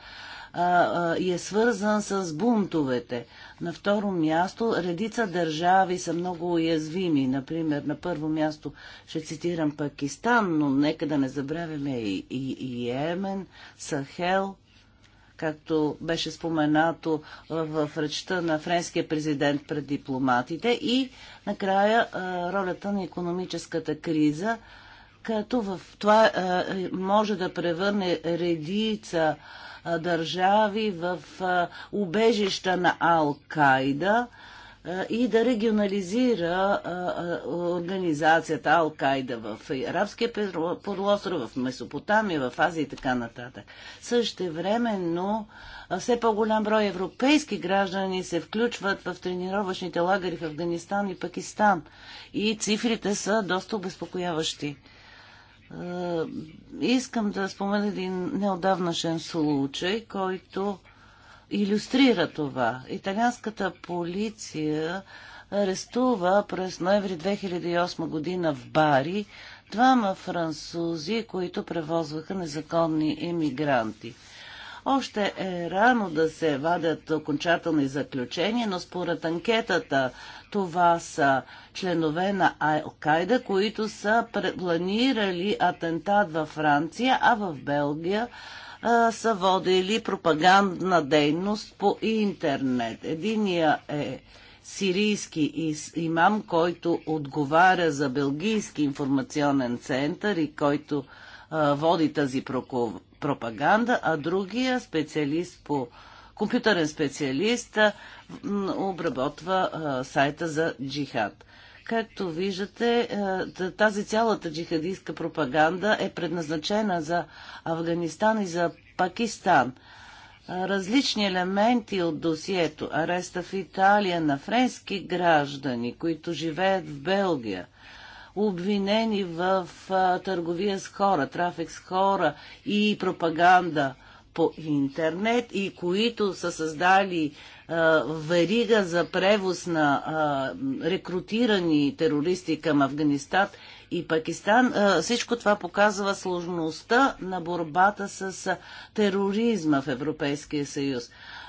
а, и е свързан с бунтовете. На второ място, редица държави са много уязвими. Например, на първо място ще цитирам Пакистан, но нека да не забравяме и, и, и Йемен, Сахел, както беше споменато в речта на френския президент пред дипломатите и накрая ролята на економическата криза, като в това може да превърне редица държави в убежища на Ал-Кайда и да регионализира организацията Ал-Кайда в Арабския полуостров, в Месопотамия, в Азия и така нататък. Също времено все по-голям брой европейски граждани се включват в тренировъчните лагери в Афганистан и Пакистан. И цифрите са доста обезпокояващи. Е, искам да спомена един неодавнашен случай, който иллюстрира това. Италианската полиция арестува през ноември 2008 година в Бари двама французи, които превозваха незаконни емигранти. Още е рано да се вадят окончателни заключения, но според анкетата това са членове на Алкайда, които са планирали атентат във Франция, а в Белгия а, са водили пропагандна дейност по интернет. Единия е сирийски имам, който отговаря за Белгийски информационен център и който а, води тази пропаганда, а другия специалист по компютърен специалист обработва сайта за джихад. Както виждате, тази цялата джихадистка пропаганда е предназначена за Афганистан и за Пакистан. Различни елементи от досието, ареста в Италия на френски граждани, които живеят в Белгия, обвинени в търговия с хора, трафик с хора и пропаганда по интернет и които са създали а, верига за превоз на а, рекрутирани терористи към Афганистан и Пакистан. А, всичко това показва сложността на борбата с тероризма в Европейския съюз.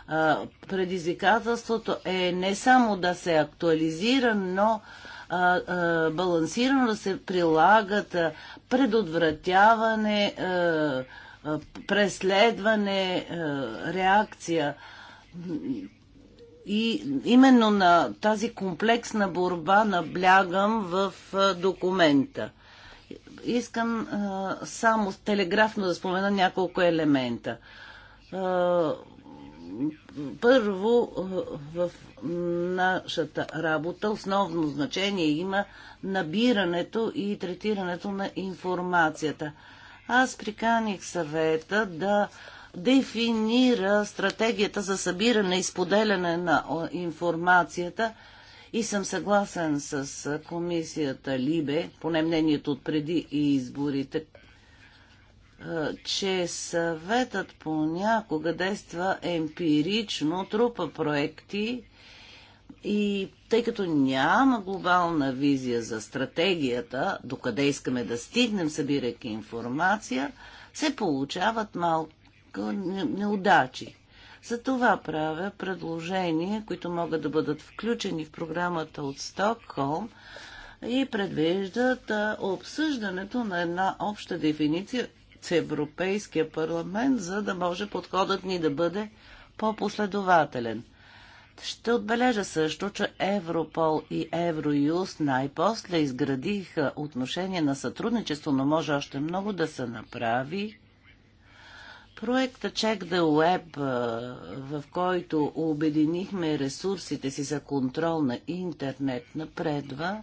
А, предизвикателството е не само да се актуализира, но а, а, а, балансирано да се прилагат а, предотвратяване, а, а, преследване, а, реакция. И именно на тази комплексна борба наблягам в а, документа. Искам а, само телеграфно да спомена няколко елемента. А, първо в нашата работа основно значение има набирането и третирането на информацията. Аз приканих съвета да дефинира стратегията за събиране и споделяне на информацията и съм съгласен с комисията Либе, поне мнението от преди изборите, че съветът понякога действа емпирично, трупа проекти и тъй като няма глобална визия за стратегията, докъде искаме да стигнем, събирайки информация, се получават малко неудачи. Затова правя предложения, които могат да бъдат включени в програмата от Стокхолм и предвиждат обсъждането на една обща дефиниция с Европейския парламент, за да може подходът ни да бъде по-последователен. Ще отбележа също, че Европол и Евроюст най-после изградиха отношение на сътрудничество, но може още много да се направи. Проекта Check the Web, в който обединихме ресурсите си за контрол на интернет, напредва.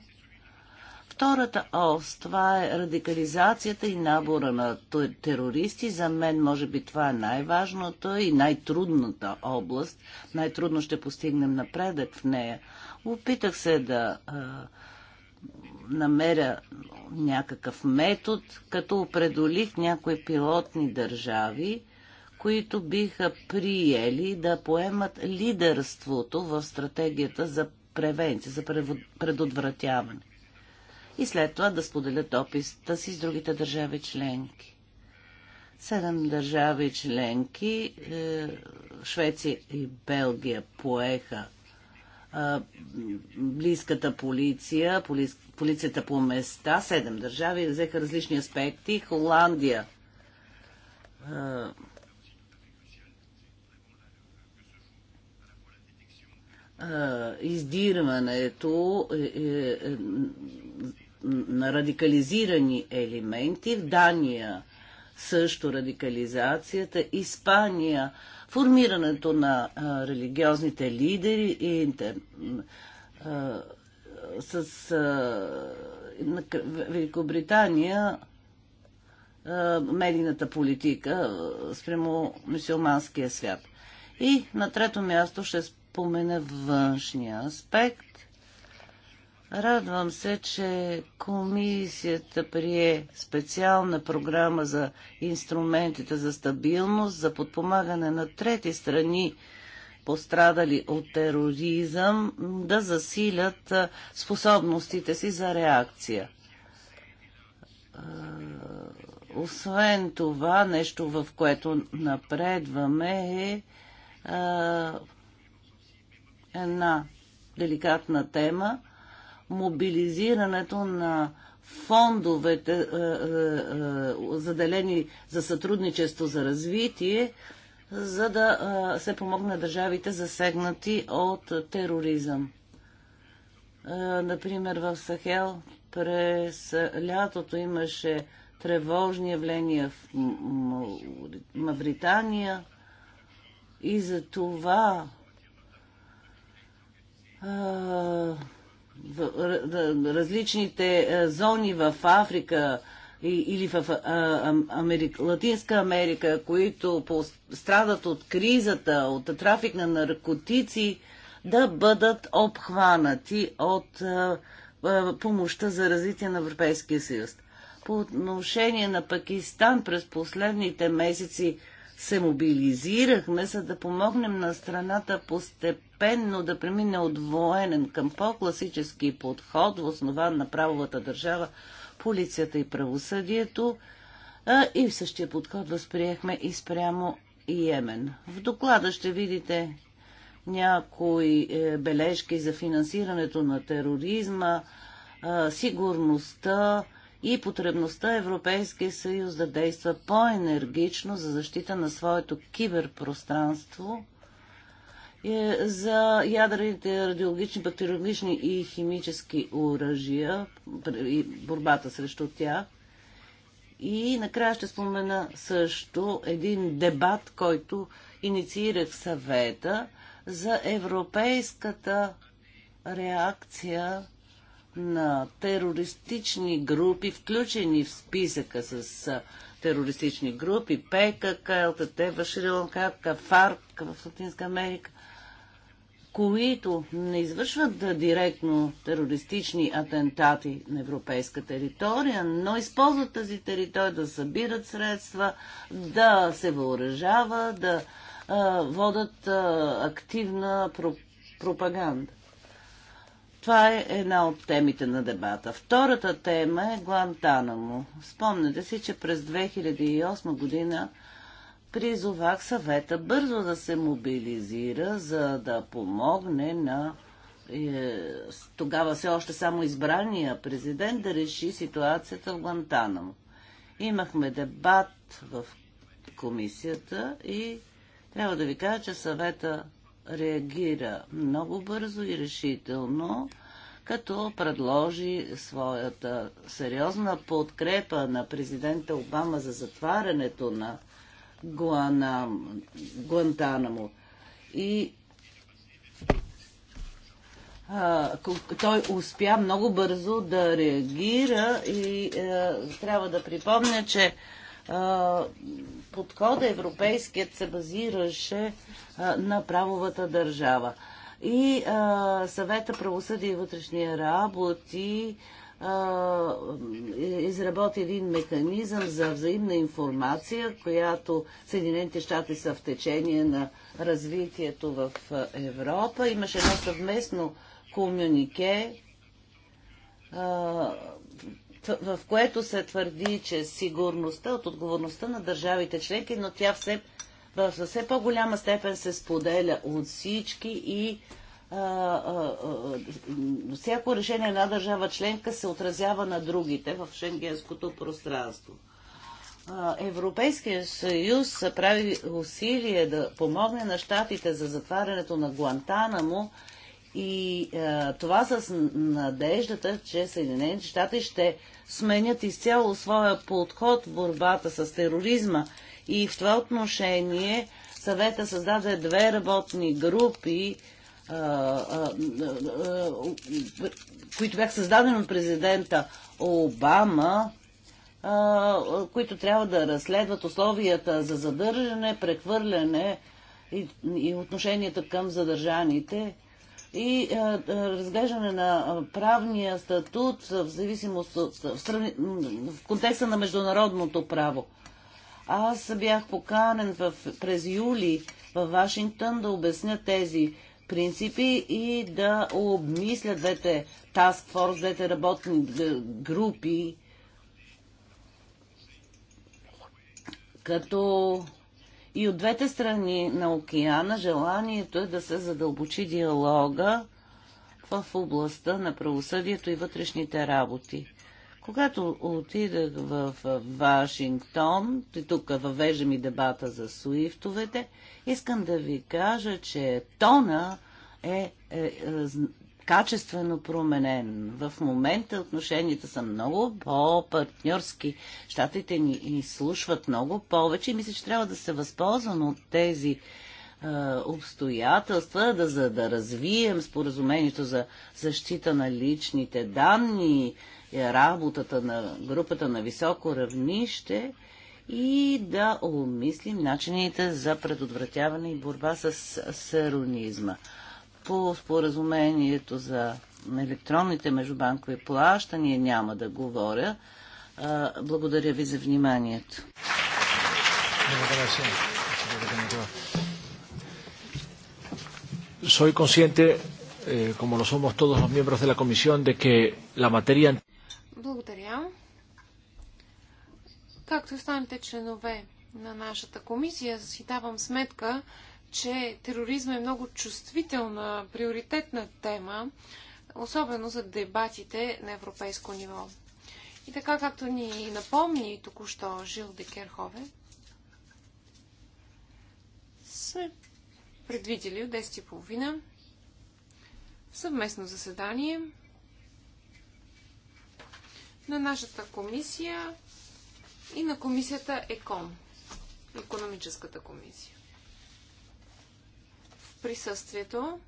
Втората ос, това е радикализацията и набора на терористи. За мен, може би, това е най-важната и най-трудната област. Най-трудно ще постигнем напредък в нея. Опитах се да а, намеря някакъв метод, като определих някои пилотни държави, които биха приели да поемат лидерството в стратегията за превенция, за предотвратяване и след това да споделят описта си с другите държави членки. Седем държави членки, е, Швеция и Белгия поеха близката полиция, поли... полицията по места, седем държави взеха различни аспекти. Холандия издирването е, е, на радикализирани елементи. В Дания също радикализацията. Испания формирането на а, религиозните лидери и интер, а, с а, Великобритания медийната политика спрямо мусулманския свят. И на трето място ще спомена външния аспект. Радвам се, че комисията прие специална програма за инструментите за стабилност, за подпомагане на трети страни, пострадали от тероризъм, да засилят способностите си за реакция. Освен това, нещо в което напредваме е една деликатна тема мобилизирането на фондовете, е, е, е, заделени за сътрудничество за развитие, за да се помогне държавите засегнати от тероризъм. Например, в Сахел през лятото имаше тревожни явления в Мавритания и за това различните е, зони в Африка или в Америка, Латинска Америка, които страдат от кризата, от трафик на наркотици, да бъдат обхванати от е, е, помощта за развитие на Европейския съюз. По отношение на Пакистан през последните месеци се мобилизирахме, за да помогнем на страната постепенно постепенно да премине от военен към по-класически подход, основан на правовата държава, полицията и правосъдието. И в същия подход възприехме и спрямо Йемен. В доклада ще видите някои е, бележки за финансирането на тероризма, сигурността и потребността Европейския съюз да действа по-енергично за защита на своето киберпространство – е, за ядрените радиологични, бактериологични и химически оръжия и борбата срещу тях. И накрая ще спомена също един дебат, който инициирах съвета за европейската реакция на терористични групи, включени в списъка с терористични групи, ПКК, ЛТТ в Шри-Ланка, ФАРК в Латинска Америка, които не извършват директно терористични атентати на европейска територия, но използват тази територия да събират средства, да се въоръжава, да а, водат а, активна про- пропаганда. Това е една от темите на дебата. Втората тема е Гуантанамо. Спомнете си, че през 2008 година призовах съвета бързо да се мобилизира, за да помогне на е, тогава все още само избрания президент да реши ситуацията в Гуантанамо. Имахме дебат в комисията и трябва да ви кажа, че съвета реагира много бързо и решително, като предложи своята сериозна подкрепа на президента Обама за затварянето на Гуанам, Гуантанамо. И а, той успя много бързо да реагира и а, е, трябва да припомня, че а, подхода европейският се базираше а, на правовата държава. И а, съвета правосъдие и вътрешния работи а, изработи един механизъм за взаимна информация, която Съединените щати са в течение на развитието в Европа. Имаше едно съвместно комюнике, в което се твърди, че сигурността от отговорността на държавите членки, но тя все, в все по-голяма степен се споделя от всички и всяко решение на една държава членка се отразява на другите в шенгенското пространство. Европейския съюз прави усилие да помогне на щатите за затварянето на Гуантанамо и а, това с надеждата, че Съединените щати ще сменят изцяло своя подход в борбата с тероризма. И в това отношение съвета създаде две работни групи, които бяха създадени от президента Обама, които трябва да разследват условията за задържане, прехвърляне и, отношенията към задържаните и разглеждане на правния статут в зависимост от, в, в контекста на международното право. Аз бях поканен в, през юли в Вашингтон да обясня тези принципи и да обмисля двете таскфорс, двете работни групи, като и от двете страни на океана желанието е да се задълбочи диалога в областта на правосъдието и вътрешните работи. Когато отидах в Вашингтон, и тук въвеждам и дебата за суифтовете, искам да ви кажа, че тона е, е, е качествено променен. В момента отношенията са много по-партньорски. Штатите ни слушват много повече и мисля, че трябва да се възползвам от тези е, обстоятелства, да, за да развием споразумението за защита на личните данни, е, работата на групата на високо равнище и да обмислим начините за предотвратяване и борба с серонизма. По споразумението за електронните междубанкови плащания няма да говоря. Благодаря ви за вниманието. Soy consciente, eh, como lo somos todos los miembros de la Comisión, de que la materia благодаря. Както и членове на нашата комисия, си давам сметка, че тероризма е много чувствителна, приоритетна тема, особено за дебатите на европейско ниво. И така, както ни напомни току-що Жил Декерхове, сме предвидели от 10.30 съвместно заседание на нашата комисия и на комисията ЕКОН, економическата комисия. В присъствието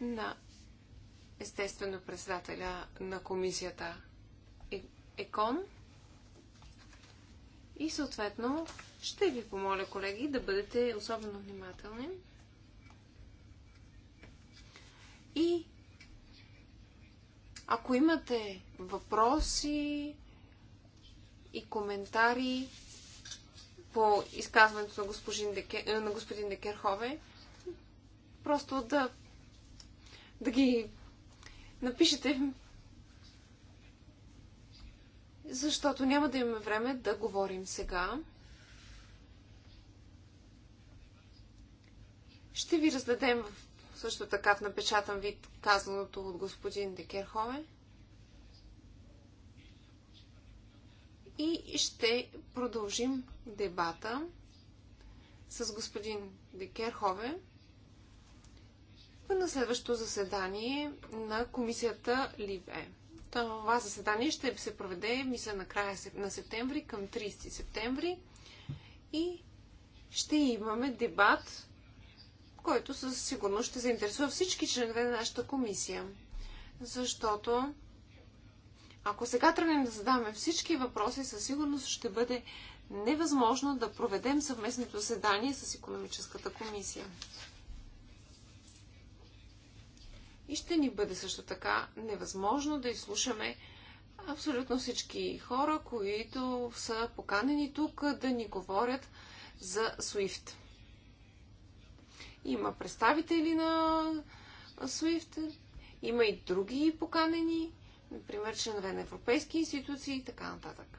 на естествено председателя на комисията е, ЕКОН и съответно ще ви помоля, колеги, да бъдете особено внимателни и ако имате въпроси и коментари по изказването на господин, е, на господин Декерхове, просто да, да ги напишете, защото няма да имаме време да говорим сега. Ще ви раздадем в също така в напечатан вид казаното от господин Декерхове. И ще продължим дебата с господин Декерхове на следващото заседание на комисията Ливе. Това заседание ще се проведе, мисля, на края на септември, към 30 септември. И ще имаме дебат който със сигурност ще заинтересува всички членове на нашата комисия. Защото ако сега тръгнем да задаваме всички въпроси, със сигурност ще бъде невъзможно да проведем съвместното заседание с економическата комисия. И ще ни бъде също така невъзможно да изслушаме абсолютно всички хора, които са поканени тук да ни говорят за SWIFT. Има представители на SWIFT, има и други поканени, например членове на европейски институции и така нататък.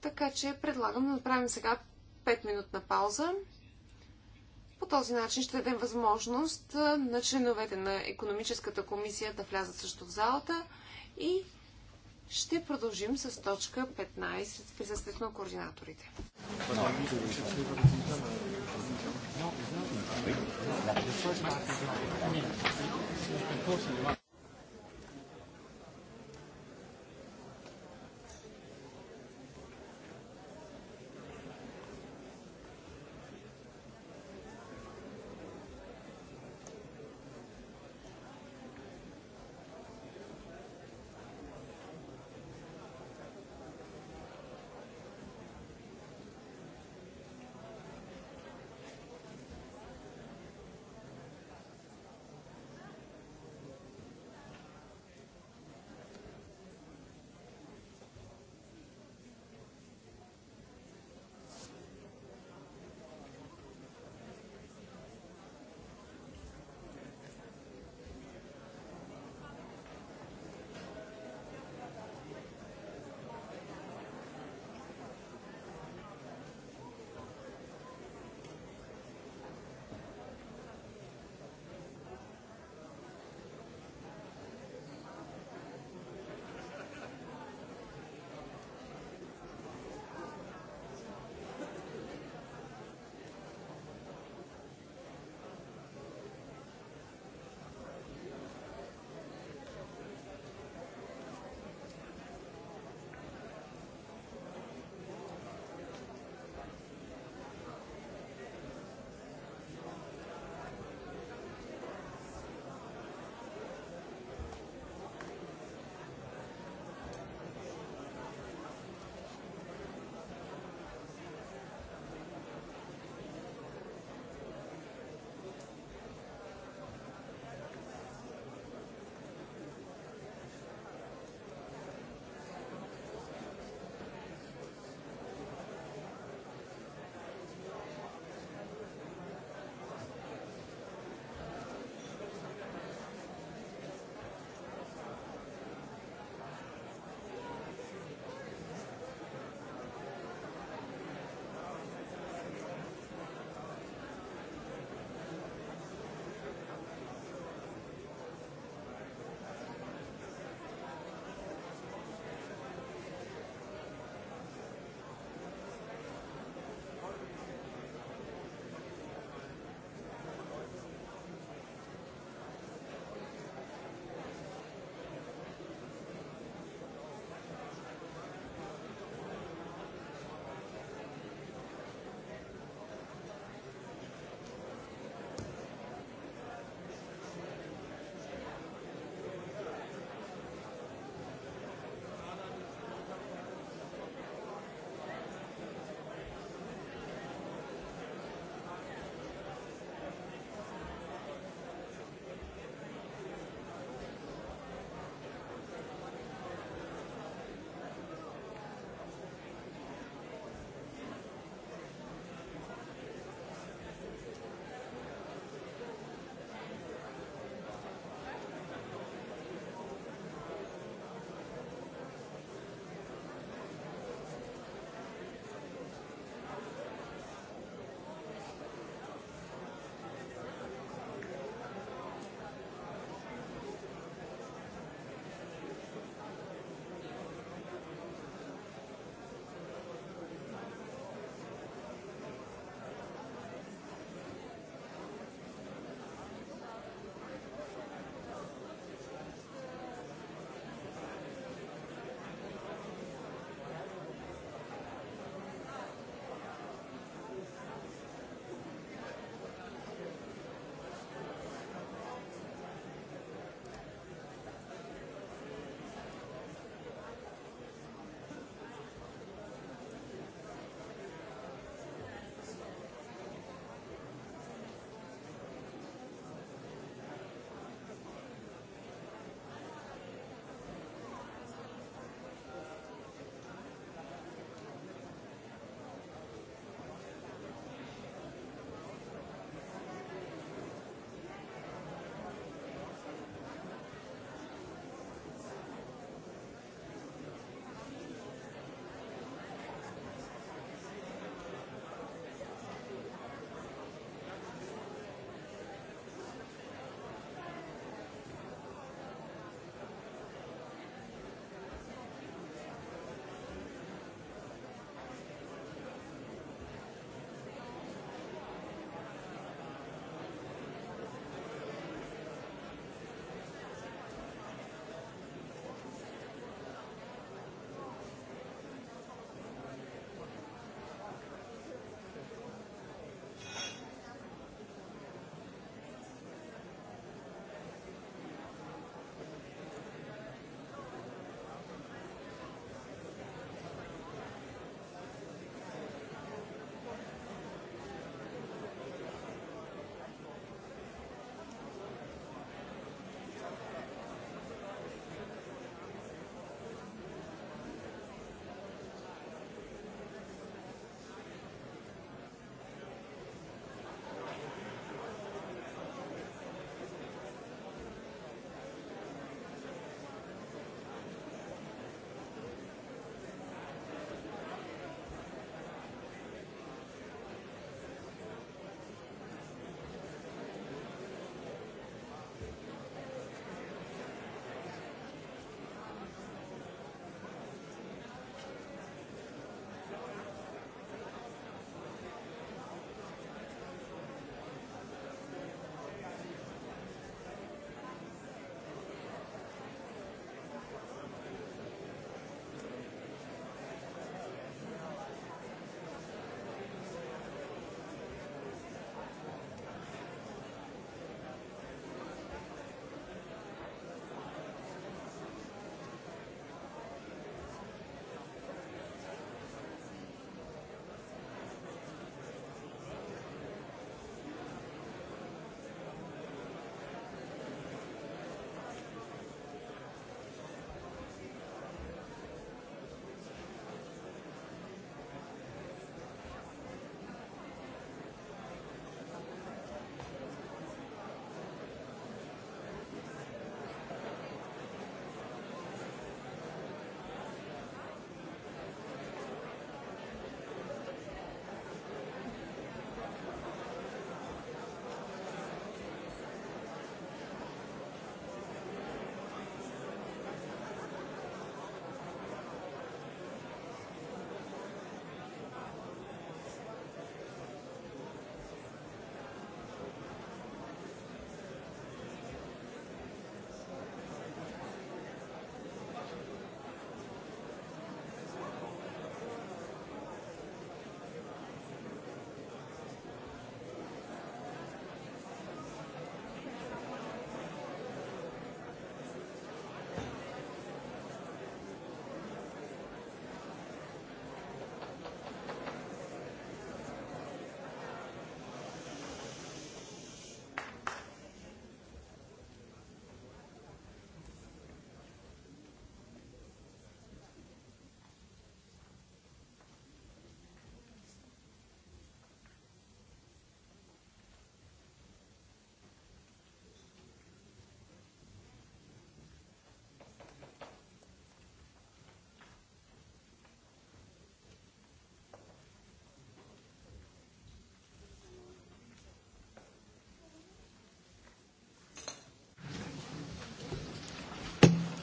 Така че предлагам да направим сега 5-минутна пауза. По този начин ще дадем възможност на членовете на економическата комисия да влязат също в залата и ще продължим с точка 15 с присъствието на координаторите.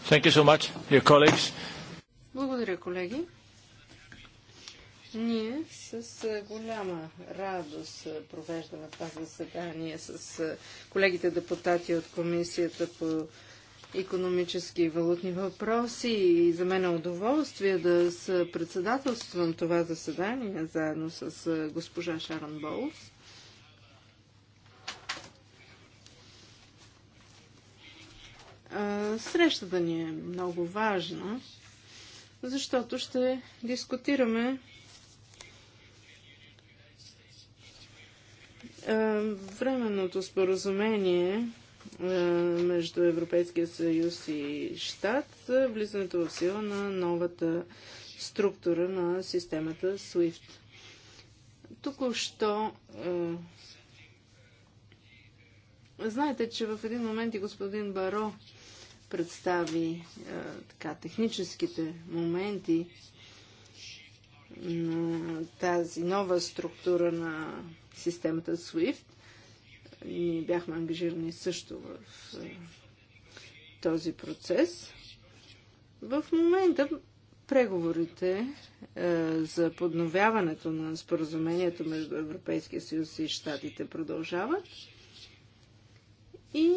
Thank you so much, dear colleagues. Благодаря, колеги. Ние с голяма радост провеждаме това заседание с колегите депутати от Комисията по економически и валутни въпроси и за мен е удоволствие да председателствам това заседание заедно с госпожа Шарон Боус. Срещата ни е много важна, защото ще дискутираме е, временното споразумение е, между Европейския съюз и Штат влизането в сила на новата структура на системата SWIFT. Току-що е, знаете, че в един момент и господин Баро представи а, е, така, техническите моменти на тази нова структура на системата SWIFT. Е, ние бяхме ангажирани също в а, е, този процес. В момента преговорите а, за подновяването на споразумението между Европейския съюз и Штатите продължават. И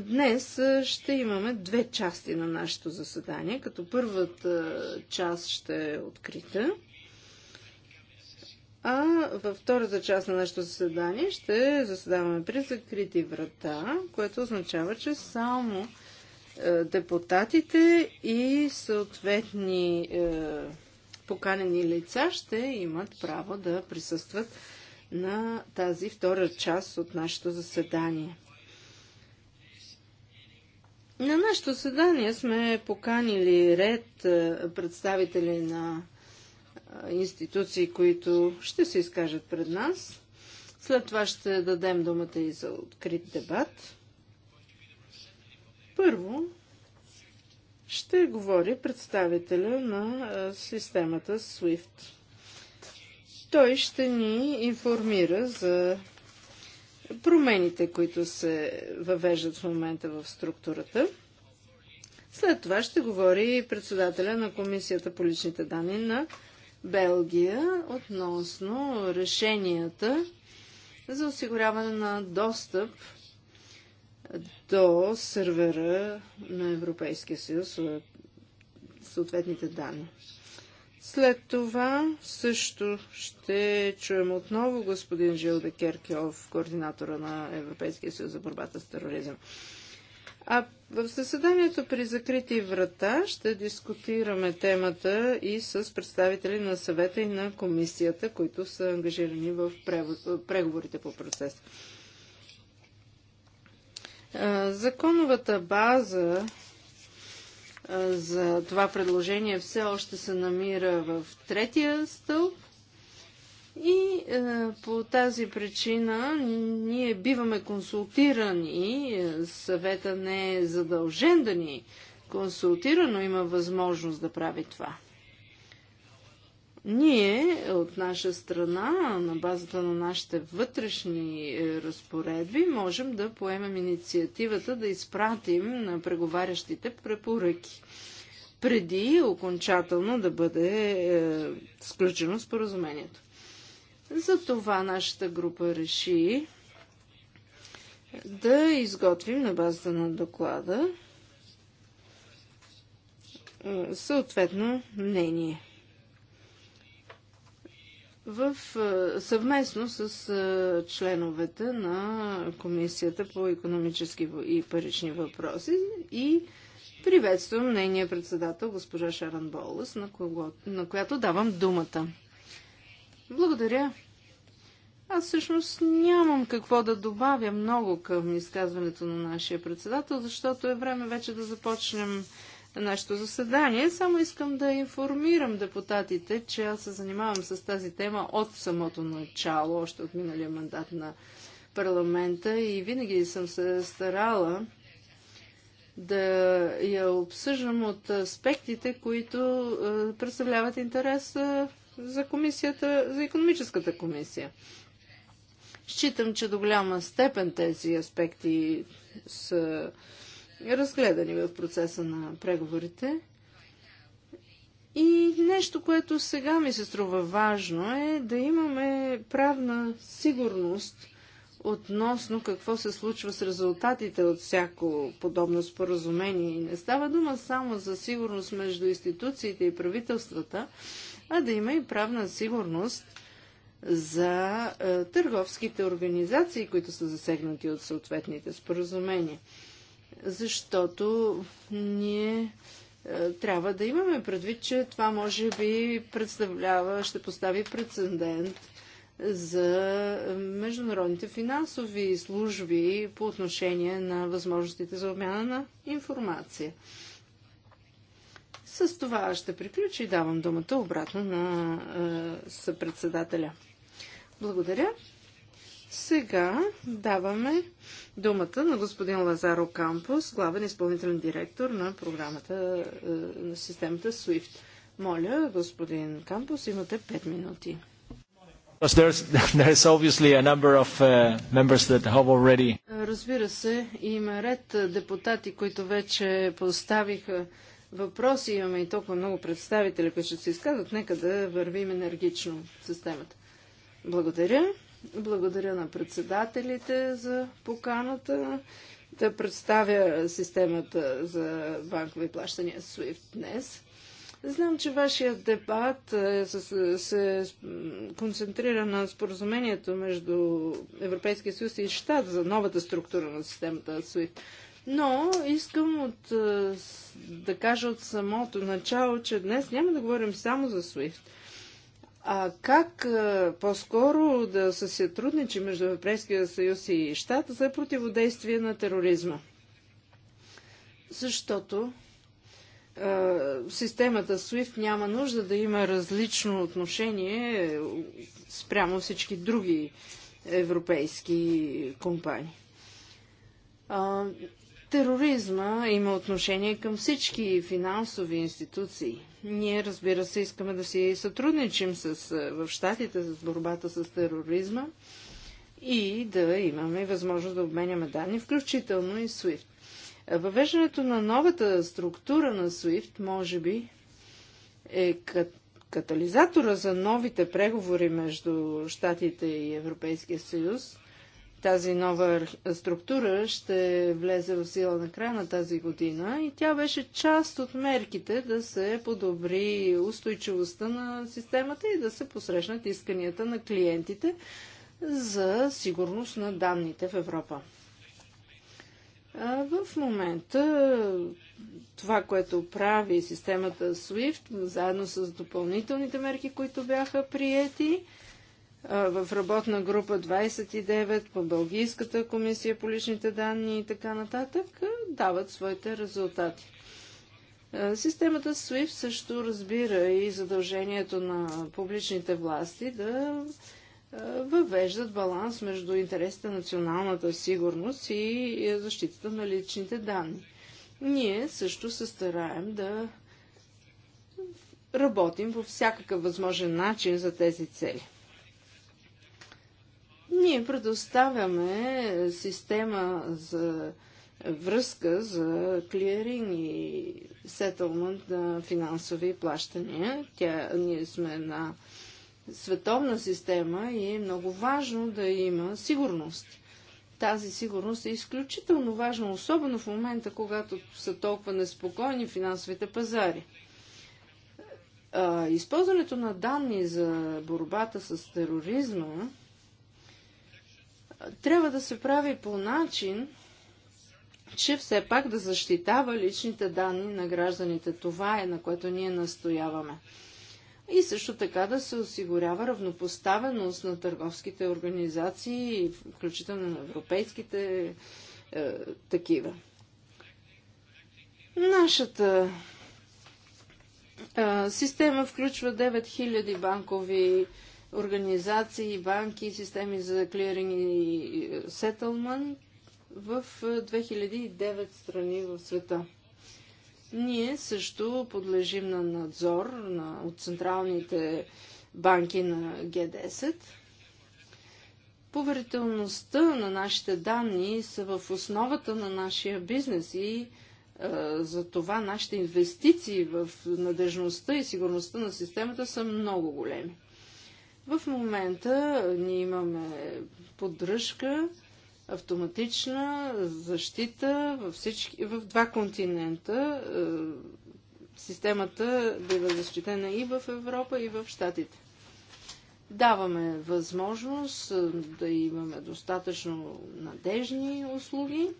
Днес ще имаме две части на нашето заседание, като първата част ще е открита, а във втората част на нашето заседание ще заседаваме при закрити врата, което означава, че само е, депутатите и съответни е, поканени лица ще имат право да присъстват на тази втора част от нашето заседание. На нашето съдание сме поканили ред е, представители на е, институции, които ще се изкажат пред нас. След това ще дадем думата и за открит дебат. Първо ще говори представителя на е, системата SWIFT. Той ще ни информира за промените, които се въвеждат в момента в структурата. След това ще говори председателя на Комисията по личните данни на Белгия относно решенията за осигуряване на достъп до сървъра на Европейския съюз съответните данни. След това също ще чуем отново господин Жил Декеркиов, координатора на Европейския съюз за борбата с тероризъм. А в заседанието при закрити врата ще дискутираме темата и с представители на съвета и на комисията, които са ангажирани в преговорите по процес. Законовата база за това предложение все още се намира в третия стълб. И е, по тази причина ние биваме консултирани. Съвета не е задължен да ни консултира, но има възможност да прави това. Ние от наша страна, на базата на нашите вътрешни е, разпоредби, можем да поемем инициативата да изпратим на преговарящите препоръки преди окончателно да бъде е, сключено споразумението. Затова нашата група реши да изготвим на базата на доклада е, съответно мнение в съвместно с членовете на Комисията по економически и парични въпроси и приветствам нейния председател госпожа Шаран Болас, на, кого, на която давам думата. Благодаря. Аз всъщност нямам какво да добавя много към изказването на нашия председател, защото е време вече да започнем нашето заседание. Само искам да информирам депутатите, че аз се занимавам с тази тема от самото начало, още от миналия мандат на парламента и винаги съм се старала да я обсъждам от аспектите, които е, представляват интерес е, за комисията, за економическата комисия. Считам, че до голяма степен тези аспекти са разгледани в процеса на преговорите. И нещо, което сега ми се струва важно е да имаме правна сигурност относно какво се случва с резултатите от всяко подобно споразумение. И не става дума само за сигурност между институциите и правителствата, а да има и правна сигурност за е, търговските организации, които са засегнати от съответните споразумения защото ние е, трябва да имаме предвид, че това може би представлява, ще постави прецедент за международните финансови служби по отношение на възможностите за обмяна на информация. С това ще приключи и давам думата обратно на е, съпредседателя. Благодаря. Сега даваме думата на господин Лазаро Кампус, главен изпълнителен директор на програмата е, на системата SWIFT. Моля, господин Кампус, имате 5 минути. *laughs* Uh, Разбира се, има ред е, депутати, които вече поставиха въпроси. Имаме и толкова много представители, които ще се изказват. Нека да вървим енергично системата. Благодаря. Благодаря на председателите за поканата да представя системата за банкови плащания SWIFT днес. Знам, че вашия дебат е, се, концентрира на споразумението между Европейския съюз и Штат за новата структура на системата SWIFT. Но искам от, е, да кажа от самото начало, че днес няма да говорим само за SWIFT – а как по-скоро да се сътрудничи между Европейския съюз и Штат за противодействие на тероризма? Защото а, системата SWIFT няма нужда да има различно отношение е, спрямо всички други европейски компании. А, Тероризма има отношение към всички финансови институции. Ние, разбира се, искаме да си сътрудничим с, в щатите с борбата с тероризма и да имаме възможност да обменяме данни, включително и SWIFT. Въвеждането на новата структура на SWIFT, може би, е кат катализатора за новите преговори между щатите и Европейския съюз – тази нова структура ще влезе в сила на края на тази година и тя беше част от мерките да се подобри устойчивостта на системата и да се посрещнат исканията на клиентите за сигурност на данните в Европа. в момента това, което прави системата SWIFT, заедно с допълнителните мерки, които бяха приети, в работна група 29, по Бългийската комисия по личните данни и така нататък, дават своите резултати. Системата SWIFT също разбира и задължението на публичните власти да въвеждат баланс между интересите на националната сигурност и защитата на личните данни. Ние също се стараем да работим по всякакъв възможен начин за тези цели. Ние предоставяме система за връзка за клиринг и сетълмент на финансови плащания. Тя, ние сме на световна система и е много важно да има сигурност. Тази сигурност е изключително важна, особено в момента, когато са толкова неспокойни финансовите пазари. използването на данни за борбата с тероризма трябва да се прави по начин, че все пак да защитава личните данни на гражданите. Това е на което ние настояваме. И също така да се осигурява равнопоставеност на търговските организации, включително на европейските е, такива. Нашата е, система включва 9000 банкови е, организации, банки, системи за клиринг и сетълмент в 2009 е, страни в света. Ние също подлежим на надзор на, от централните банки на Г10. Поверителността на нашите данни са в основата на нашия бизнес и е, за това нашите инвестиции в надежността и сигурността на системата са много големи. В момента ние имаме поддръжка, автоматична защита във всички, в два континента. Е, системата бива защитена и в Европа, и в Штатите. Даваме възможност е, да имаме достатъчно надежни услуги.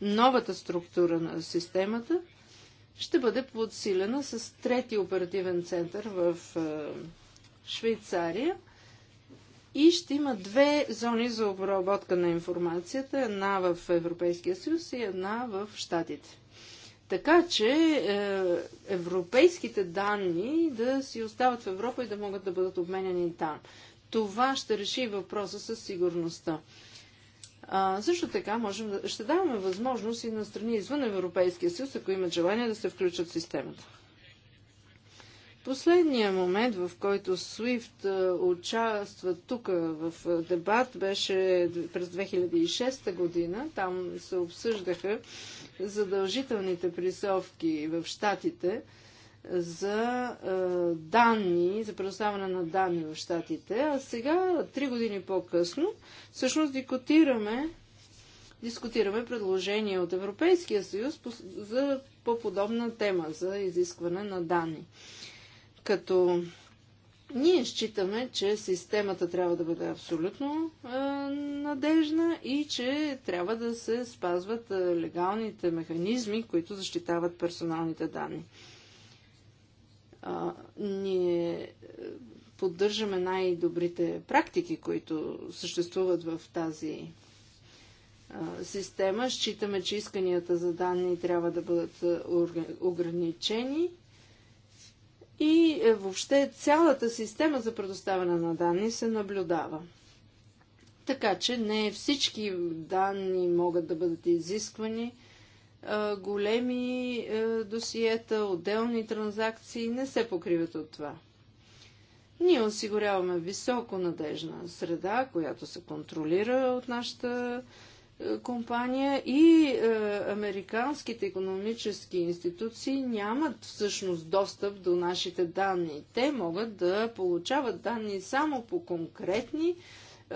Новата структура на системата ще бъде подсилена с трети оперативен център в е, Швейцария. И ще има две зони за обработка на информацията. Една в Европейския съюз и една в Штатите. Така че е, европейските данни да си остават в Европа и да могат да бъдат обменяни там. Това ще реши въпроса със сигурността. А, също така можем да, ще даваме възможност и на страни извън Европейския съюз, ако имат желание да се включат в системата. Последния момент, в който SWIFT участва тук в дебат, беше през 2006 година. Там се обсъждаха задължителните присовки в Штатите за данни, за предоставяне на данни в Штатите. А сега, три години по-късно, всъщност дискутираме, дискутираме предложение от Европейския съюз за по-подобна тема за изискване на данни. Като ние считаме, че системата трябва да бъде абсолютно е, надежна и че трябва да се спазват е, легалните механизми, които защитават персоналните данни. Е, ние поддържаме най-добрите практики, които съществуват в тази система. Считаме, че исканията за данни трябва да бъдат ограничени и е, въобще цялата система за предоставяне на данни се наблюдава. Така че не всички данни могат да бъдат изисквани. Е, големи е, досиета, отделни транзакции не се покриват от това. Ние осигуряваме високо надежна среда, която се контролира от нашата компания и е, американските економически институции нямат всъщност достъп до нашите данни. Те могат да получават данни само по конкретни е,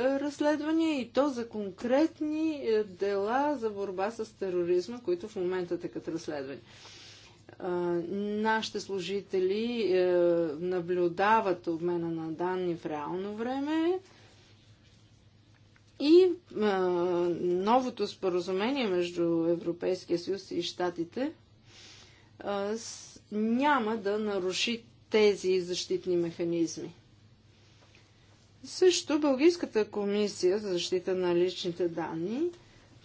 разследвания и то за конкретни е, дела за борба с тероризма, които в момента тъкат разследвания. Е, нашите служители е, наблюдават обмена на данни в реално време и а, новото споразумение между Европейския съюз и Штатите а, с, няма да наруши тези защитни механизми. Също Бългийската комисия за защита на личните данни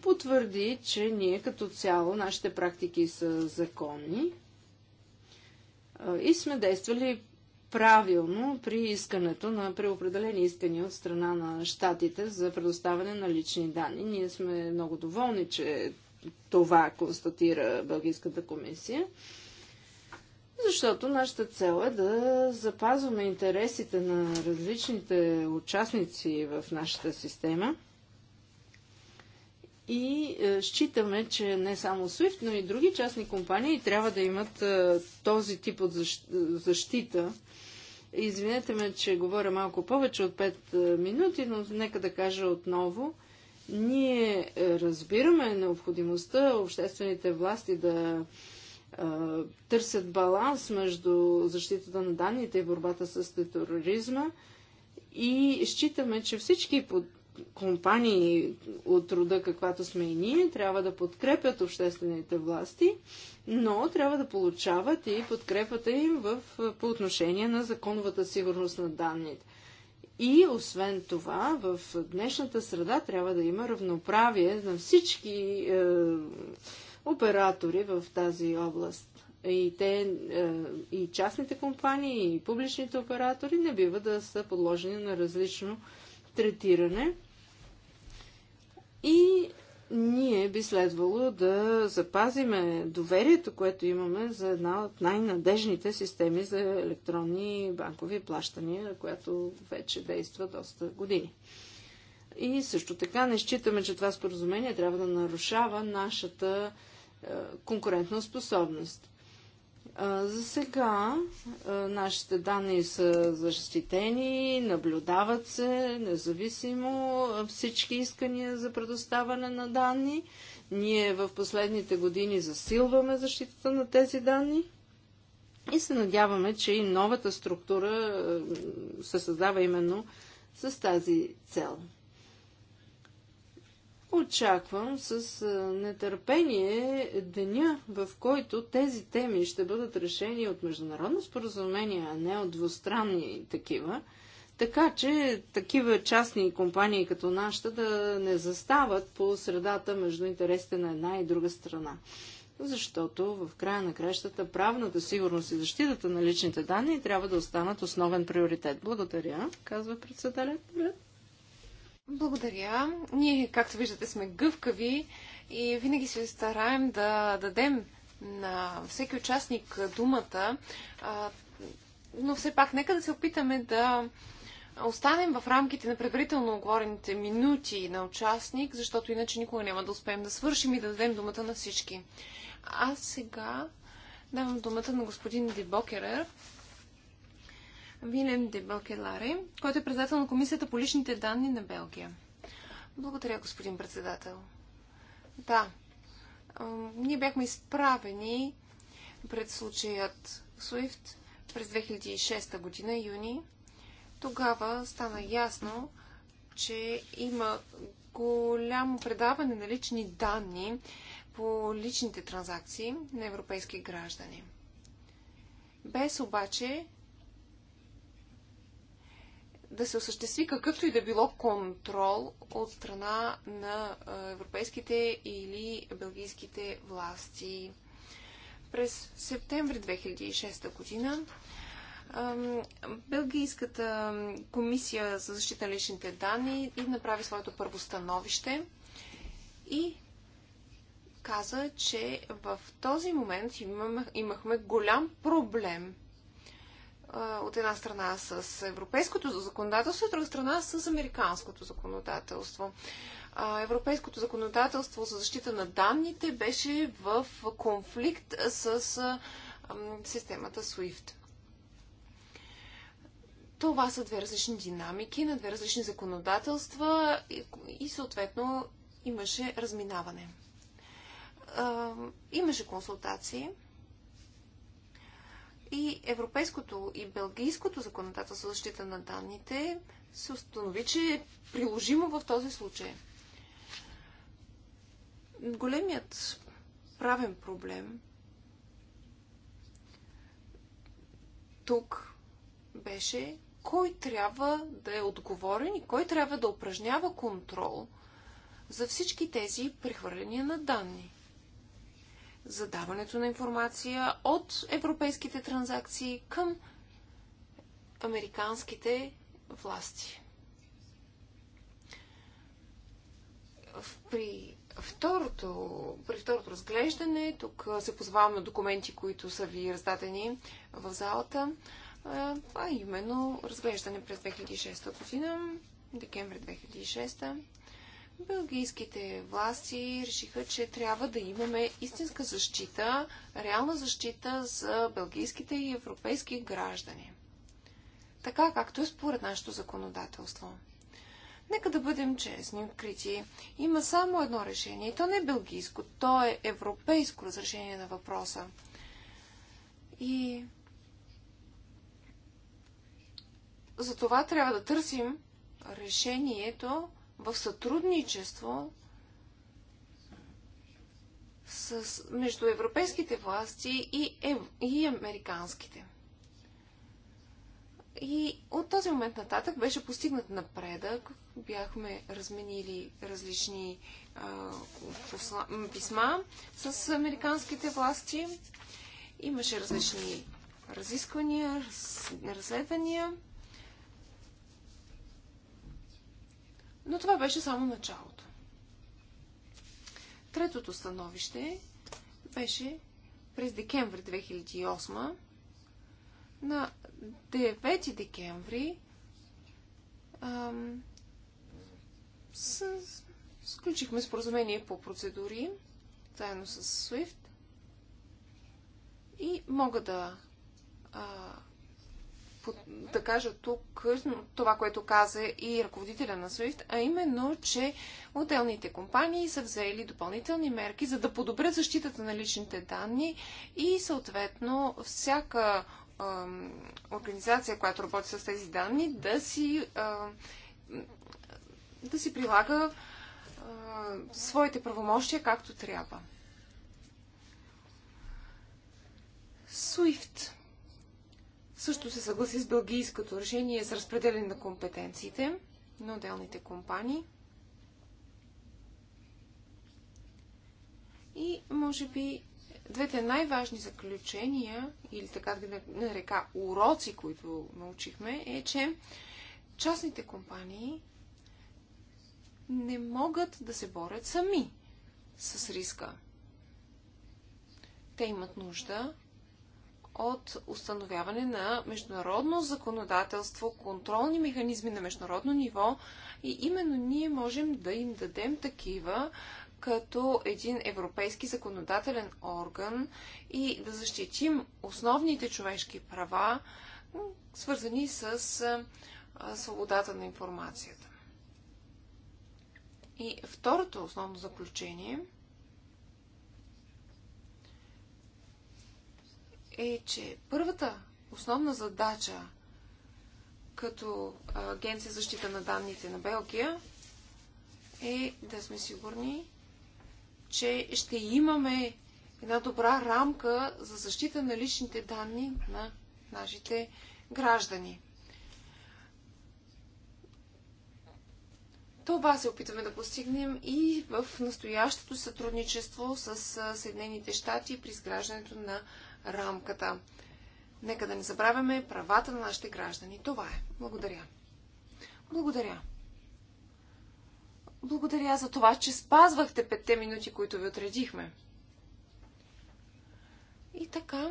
потвърди, че ние като цяло, нашите практики са законни и сме действали правилно при искането на преопределени искания от страна на щатите за предоставяне на лични данни. Ние сме много доволни, че това констатира Бългийската комисия, защото нашата цел е да запазваме интересите на различните участници в нашата система – и е, считаме, че не само SWIFT, но и други частни компании трябва да имат е, този тип от защита Извинете ме, че говоря малко повече от 5 е, минути, но нека да кажа отново. Ние е, разбираме необходимостта обществените власти да а, е, търсят баланс между защитата на данните и борбата с тероризма и считаме, че всички компании от рода, каквато сме и ние, трябва да подкрепят обществените власти, но трябва да получават и подкрепата им в, по отношение на законовата сигурност на данните. И освен това, в днешната среда трябва да има равноправие на всички е, оператори в тази област. И те, е, и частните компании, и публичните оператори не бива да са подложени на различно третиране. И ние би следвало да запазиме доверието, което имаме за една от най-надежните системи за електронни банкови плащания, която вече действа доста години. И също така не считаме, че това споразумение трябва да нарушава нашата е, конкурентна способност. За сега нашите данни са защитени, наблюдават се независимо всички искания за предоставяне на данни. Ние в последните години засилваме защитата на тези данни и се надяваме, че и новата структура се създава именно с тази цел. Очаквам с нетърпение деня, в който тези теми ще бъдат решени от международно споразумение, а не от двустранни такива. Така че такива частни компании като нашата да не застават по средата между интересите на една и друга страна. Защото в края на кращата правната сигурност и защитата на личните данни трябва да останат основен приоритет. Благодаря, казва председателят. Благодаря. Ние, както виждате, сме гъвкави и винаги се стараем да дадем на всеки участник думата, но все пак нека да се опитаме да останем в рамките на предварително оговорените минути на участник, защото иначе никога няма да успеем да свършим и да дадем думата на всички. А сега давам думата на господин Дебокерер, Вилем де Бакелари, който е председател на Комисията по личните данни на Белгия. Благодаря, господин председател. Да, ние бяхме изправени пред случаят SWIFT през 2006 година, юни. Тогава стана ясно, че има голямо предаване на лични данни по личните транзакции на европейски граждани. Без обаче да се осъществи какъвто и да било контрол от страна на европейските или белгийските власти. През септември 2006 година Белгийската комисия за защита на личните данни и направи своето първо становище и каза, че в този момент имахме голям проблем – от една страна с европейското законодателство, от друга страна с американското законодателство. Европейското законодателство за защита на данните беше в конфликт с системата SWIFT. Това са две различни динамики на две различни законодателства и съответно имаше разминаване. Имаше консултации и европейското и белгийското законодателство за защита на данните се установи, че е приложимо в този случай. Големият правен проблем тук беше кой трябва да е отговорен и кой трябва да упражнява контрол за всички тези прехвърляния на данни за даването на информация от европейските транзакции към американските власти. При второто, при второто разглеждане, тук се позовавам на документи, които са ви раздадени в залата, а именно разглеждане през 2006 година, декември 2006 Белгийските власти решиха, че трябва да имаме истинска защита, реална защита за белгийските и европейски граждани. Така както е според нашето законодателство. Нека да бъдем честни, открити. Има само едно решение. И то не е белгийско, то е европейско разрешение на въпроса. И за това трябва да търсим решението в сътрудничество с, между европейските власти и, ев, и американските. И от този момент нататък беше постигнат напредък. Бяхме разменили различни а, посла, писма с американските власти. Имаше различни разисквания, раз, разследвания. Но това беше само началото. Третото становище беше през декември 2008. На 9 декември ам, с, сключихме споразумение по процедури, заедно с SWIFT. И мога да а, да кажа тук това, което каза и ръководителя на SWIFT, а именно, че отделните компании са взели допълнителни мерки, за да подобрят защитата на личните данни и съответно всяка е, организация, която работи с тези данни, да си, е, да си прилага е, своите правомощия както трябва. SWIFT също се съгласи с бългийското решение за разпределение на компетенциите на отделните компании. И може би двете най-важни заключения, или така да нарека уроци, които научихме, е, че частните компании не могат да се борят сами с риска. Те имат нужда от установяване на международно законодателство, контролни механизми на международно ниво и именно ние можем да им дадем такива като един европейски законодателен орган и да защитим основните човешки права, свързани с свободата на информацията. И второто основно заключение – е, че първата основна задача като Агенция защита на данните на Белгия е да сме сигурни, че ще имаме една добра рамка за защита на личните данни на нашите граждани. Това се опитваме да постигнем и в настоящото сътрудничество с Съединените щати при изграждането на рамката. Нека да не забравяме правата на нашите граждани. Това е. Благодаря. Благодаря. Благодаря за това, че спазвахте петте минути, които ви отредихме. И така,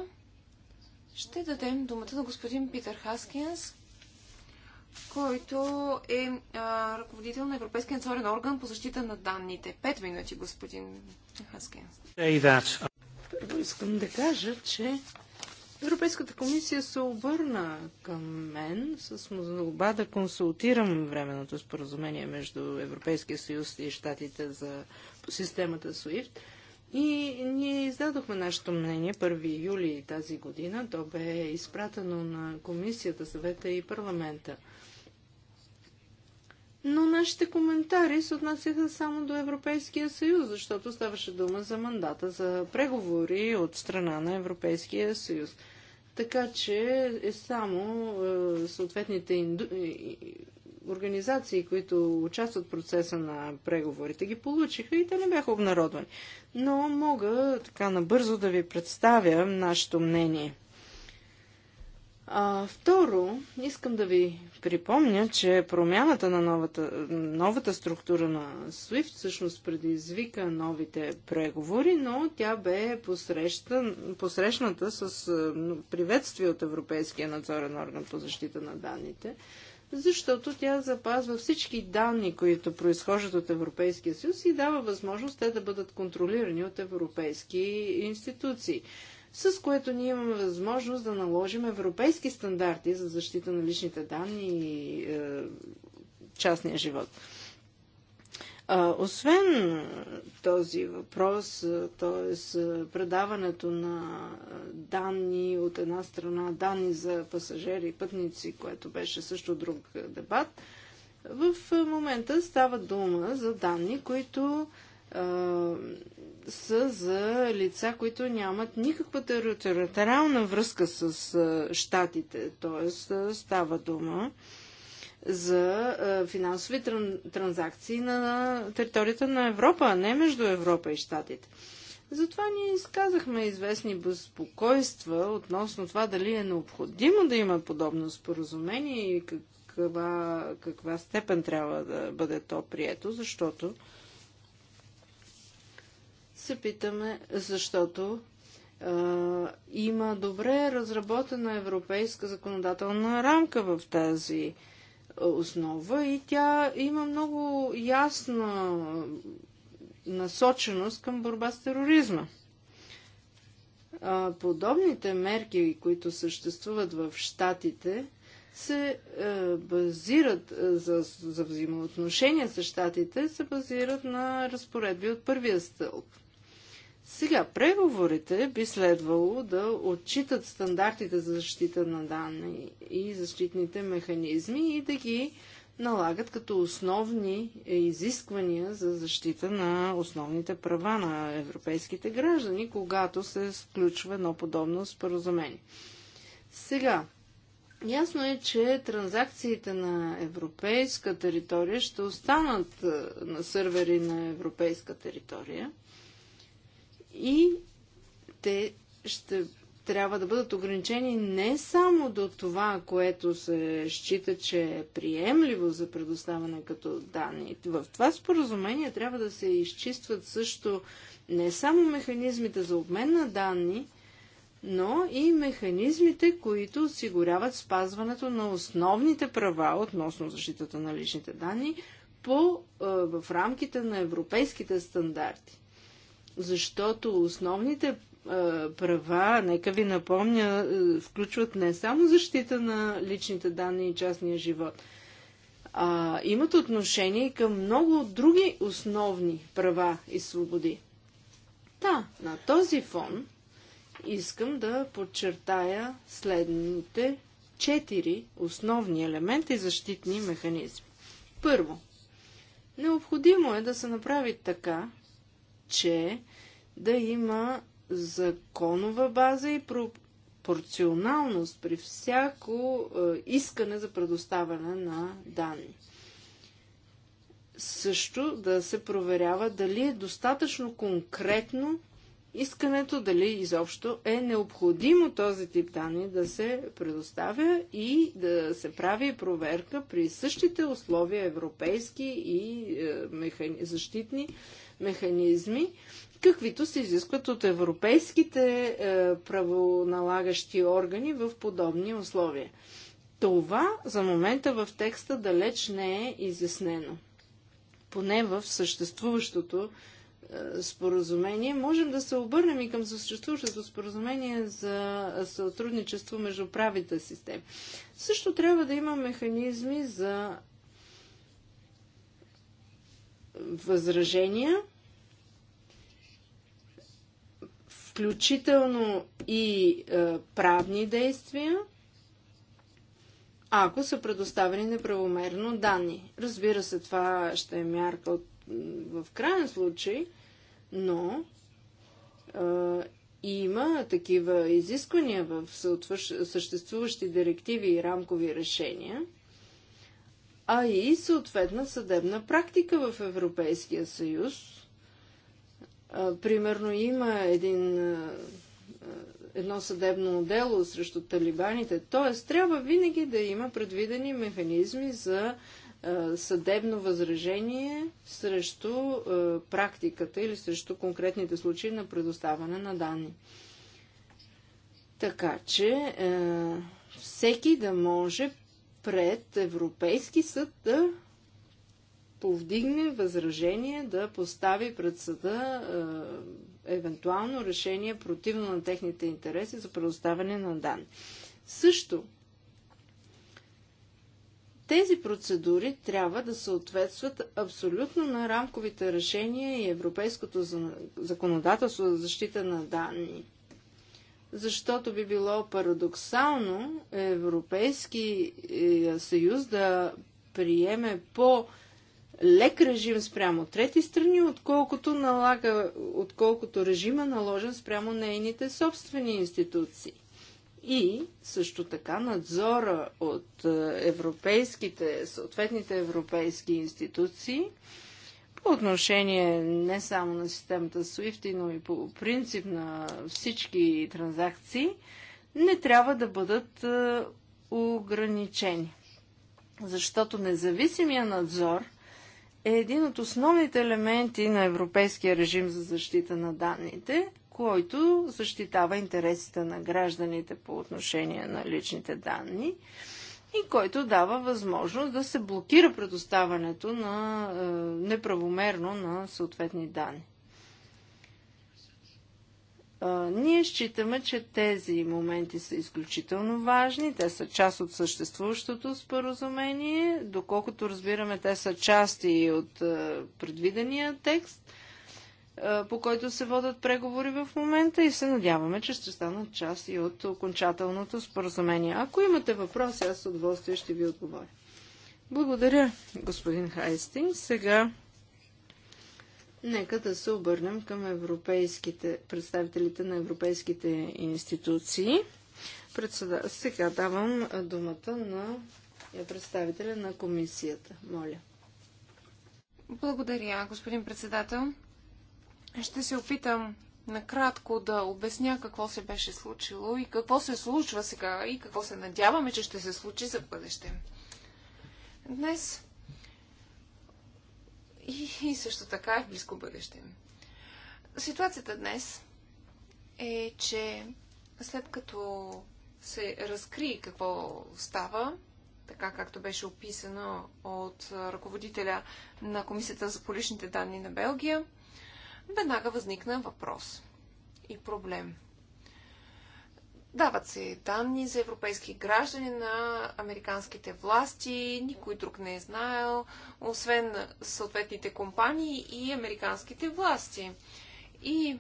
ще дадем думата на господин Питър Хаскинс, който е а, ръководител на Европейския надзорен орган по защита на данните. Пет минути, господин Хаскинс. Първо искам да кажа, че Европейската комисия се обърна към мен с молба да консултирам временното споразумение между Европейския съюз и щатите за, по системата SWIFT. И ние издадохме нашето мнение 1 юли тази година. То бе изпратено на комисията, съвета и парламента но нашите коментари се отнасяха само до Европейския съюз, защото ставаше дума за мандата за преговори от страна на Европейския съюз. Така че е само е, съответните инду... организации, които участват в процеса на преговорите, ги получиха и те не бяха обнародвани. Но мога така набързо да ви представя нашето мнение. А, второ, искам да ви припомня, че промяната на новата, новата структура на SWIFT всъщност предизвика новите преговори, но тя бе посрещната с приветствие от Европейския надзорен орган по защита на данните, защото тя запазва всички данни, които произхождат от Европейския съюз и дава възможност те да бъдат контролирани от европейски институции с което ние имаме възможност да наложим европейски стандарти за защита на личните данни и е, частния живот. А, освен този въпрос, е, т.е. предаването на е, данни от една страна, данни за пасажери и пътници, което беше също друг е, дебат, в момента става дума за данни, които са за лица, които нямат никаква териториална връзка с щатите. Тоест става дума за финансови транзакции на територията на Европа, а не между Европа и щатите. Затова ни изказахме известни безпокойства относно това дали е необходимо да има подобно споразумение и каква, каква степен трябва да бъде то прието, защото се питаме, защото а, има добре разработена европейска законодателна рамка в тази основа и тя има много ясна насоченост към борба с тероризма. А, подобните мерки, които съществуват в Штатите, се е, базират е, за, за взаимоотношения с щатите, се базират на разпоредби от първия стълб. Сега, преговорите би следвало да отчитат стандартите за защита на данни и защитните механизми и да ги налагат като основни изисквания за защита на основните права на европейските граждани, когато се сключва едно подобно споразумение. Сега, ясно е, че транзакциите на европейска територия ще останат на сървери на европейска територия – и те ще трябва да бъдат ограничени не само до това, което се счита, че е приемливо за предоставяне като данни. В това споразумение трябва да се изчистват също не само механизмите за обмен на данни, но и механизмите, които осигуряват спазването на основните права относно защитата на личните данни по, в рамките на европейските стандарти защото основните права, нека ви напомня, включват не само защита на личните данни и частния живот, а имат отношение към много други основни права и свободи. Та, да, на този фон искам да подчертая следните четири основни елемента и защитни механизми. Първо, необходимо е да се направи така, че да има законова база и пропорционалност при всяко е, искане за предоставяне на данни. Също да се проверява дали е достатъчно конкретно искането, дали изобщо е необходимо този тип данни да се предоставя и да се прави проверка при същите условия, европейски и е, механи... защитни, механизми, каквито се изискват от европейските е, правоналагащи органи в подобни условия. Това за момента в текста далеч не е изяснено. Поне в съществуващото е, споразумение. Можем да се обърнем и към съществуващото споразумение за сътрудничество между правите системи. Също трябва да има механизми за възражения, включително и е, правни действия, ако са предоставени неправомерно данни. Разбира се, това ще е мярка от, в крайен случай, но е, има такива изисквания в съществуващи директиви и рамкови решения – а и съответна съдебна практика в Европейския съюз. примерно има един, едно съдебно дело срещу талибаните, т.е. трябва винаги да има предвидени механизми за съдебно възражение срещу практиката или срещу конкретните случаи на предоставяне на данни. Така че всеки да може пред Европейски съд да повдигне възражение, да постави пред съда е, евентуално решение противно на техните интереси за предоставяне на данни. Също тези процедури трябва да съответстват абсолютно на рамковите решения и европейското законодателство за защита на данни защото би било парадоксално Европейски е, съюз да приеме по лек режим спрямо трети страни, отколкото, налага, отколкото режима наложен спрямо нейните собствени институции. И също така надзора от е, европейските, съответните европейски институции – по отношение не само на системата SWIFT, но и по принцип на всички транзакции, не трябва да бъдат е, ограничени. Защото независимия надзор е един от основните елементи на европейския режим за защита на данните, който защитава интересите на гражданите по отношение на личните данни и който дава възможност да се блокира предоставането на, е, неправомерно на съответни данни. Е, ние считаме, че тези моменти са изключително важни. Те са част от съществуващото споразумение. Доколкото разбираме, те са части от е, предвидения текст по който се водят преговори в момента и се надяваме, че ще станат част и от окончателното споразумение. Ако имате въпроси, аз с удоволствие ще ви отговоря. Благодаря, господин Хайстин. Сега нека да се обърнем към европейските, представителите на европейските институции. Председа... Сега давам думата на представителя на комисията. Моля. Благодаря, господин председател. Ще се опитам накратко да обясня какво се беше случило и какво се случва сега и какво се надяваме, че ще се случи за бъдеще. Днес и, и също така и е в близко бъдеще. Ситуацията днес е, че след като се разкри какво става, така както беше описано от ръководителя на Комисията за поличните данни на Белгия, веднага възникна въпрос и проблем. Дават се данни за европейски граждани на американските власти, никой друг не е знаел, освен съответните компании и американските власти. И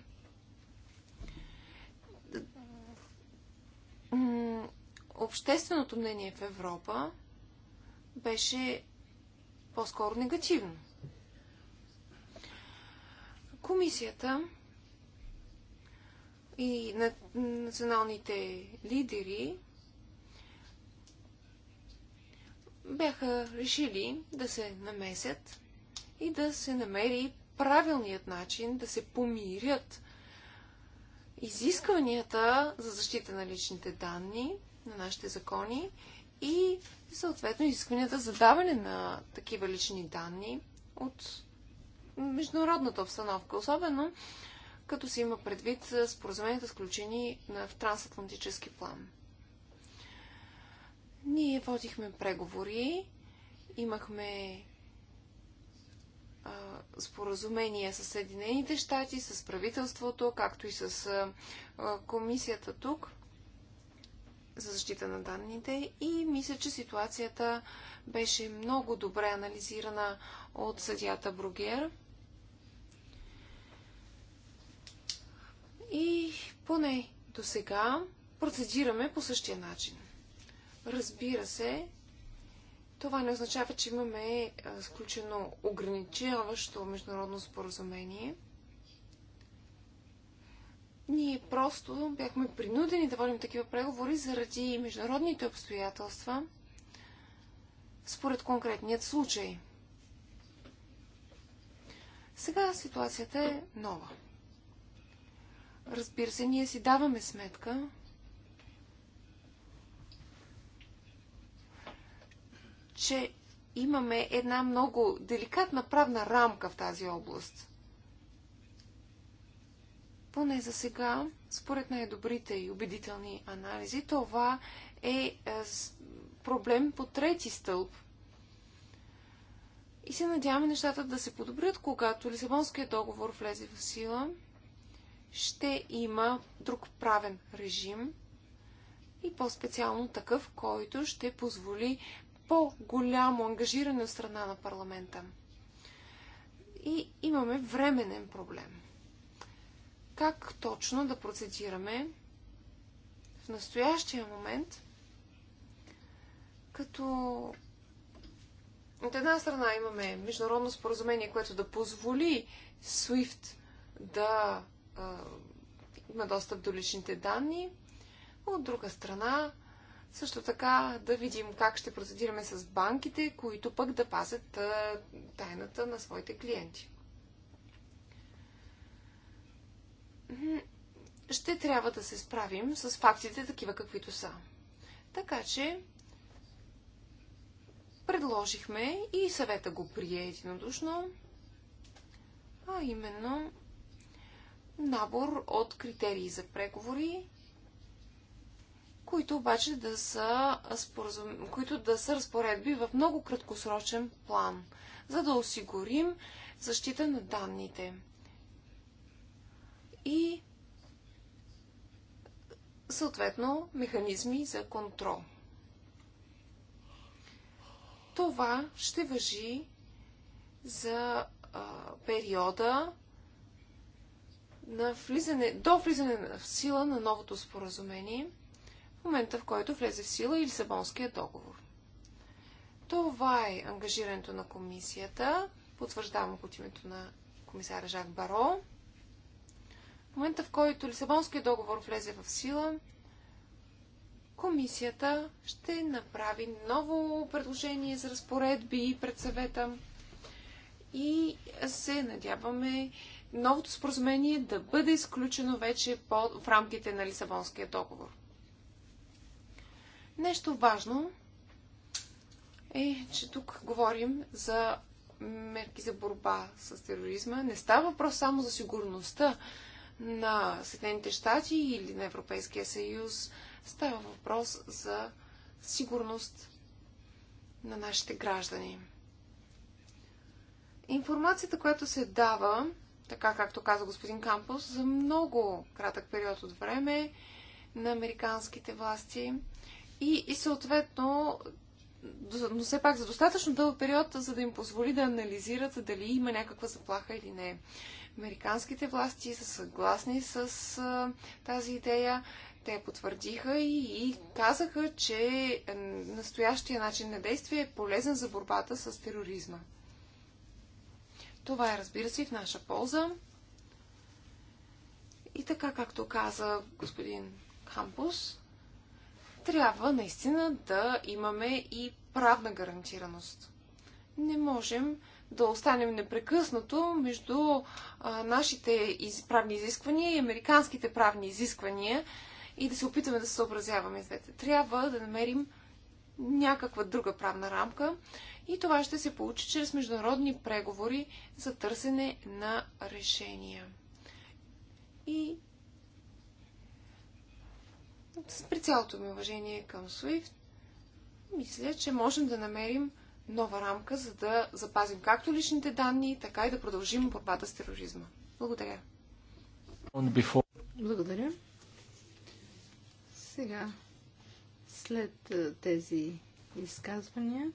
общественото мнение в Европа беше по-скоро негативно. Комисията и на националните лидери бяха решили да се намесят и да се намери правилният начин да се помирят изискванията за защита на личните данни на нашите закони и съответно изискванията за даване на такива лични данни от международната обстановка, особено като се има предвид споразуменията сключени в трансатлантически план. Ние водихме преговори, имахме а, споразумения с Съединените щати, с правителството, както и с а, комисията тук за защита на данните и мисля, че ситуацията беше много добре анализирана от съдията Бругер – И поне до сега процедираме по същия начин. Разбира се, това не означава, че имаме сключено ограничаващо международно споразумение. Ние просто бяхме принудени да водим такива преговори заради международните обстоятелства според конкретният случай. Сега ситуацията е нова. Разбира се, ние си даваме сметка, че имаме една много деликатна правна рамка в тази област. Поне за сега, според най-добрите и убедителни анализи, това е, е проблем по трети стълб. И се надяваме нещата да се подобрят, когато Лисабонският договор влезе в сила – ще има друг правен режим и по-специално такъв, който ще позволи по-голямо ангажиране от страна на парламента. И имаме временен проблем. Как точно да процедираме в настоящия момент, като от една страна имаме международно споразумение, което да позволи SWIFT да има достъп до личните данни. От друга страна, също така да видим как ще процедираме с банките, които пък да пазят тайната на своите клиенти. Ще трябва да се справим с фактите такива каквито са. Така че предложихме и съвета го прие единодушно, а именно набор от критерии за преговори, които обаче да са, споразум... които да са разпоредби в много краткосрочен план, за да осигурим защита на данните. И съответно механизми за контрол. Това ще въжи за а, периода на влизане, до влизане в сила на новото споразумение, в момента в който влезе в сила и Лисабонския договор. Това е ангажирането на комисията. Потвърждавам го от името на комисаря Жак Баро. В момента, в който Лисабонския договор влезе в сила, комисията ще направи ново предложение за разпоредби пред съвета и се надяваме новото споразумение да бъде изключено вече по, в рамките на Лисабонския договор. Нещо важно е, че тук говорим за мерки за борба с тероризма. Не става въпрос само за сигурността на Съединените щати или на Европейския съюз. Става въпрос за сигурност на нашите граждани. Информацията, която се дава така както каза господин Кампус, за много кратък период от време на американските власти и, и съответно, но все пак за достатъчно дълъг период, за да им позволи да анализират дали има някаква заплаха или не. Американските власти са съгласни с а, тази идея. Те потвърдиха и, и казаха, че настоящия начин на действие е полезен за борбата с тероризма. Това е, разбира се, и в наша полза. И така, както каза господин Кампус, трябва наистина да имаме и правна гарантираност. Не можем да останем непрекъснато между а, нашите из... правни изисквания и американските правни изисквания и да се опитаме да се съобразяваме с двете. Трябва да намерим някаква друга правна рамка и това ще се получи чрез международни преговори за търсене на решения. И с при цялото ми уважение към SWIFT, мисля, че можем да намерим нова рамка, за да запазим както личните данни, така и да продължим борбата с тероризма. Благодаря. Благодаря. Сега, след тези изказвания,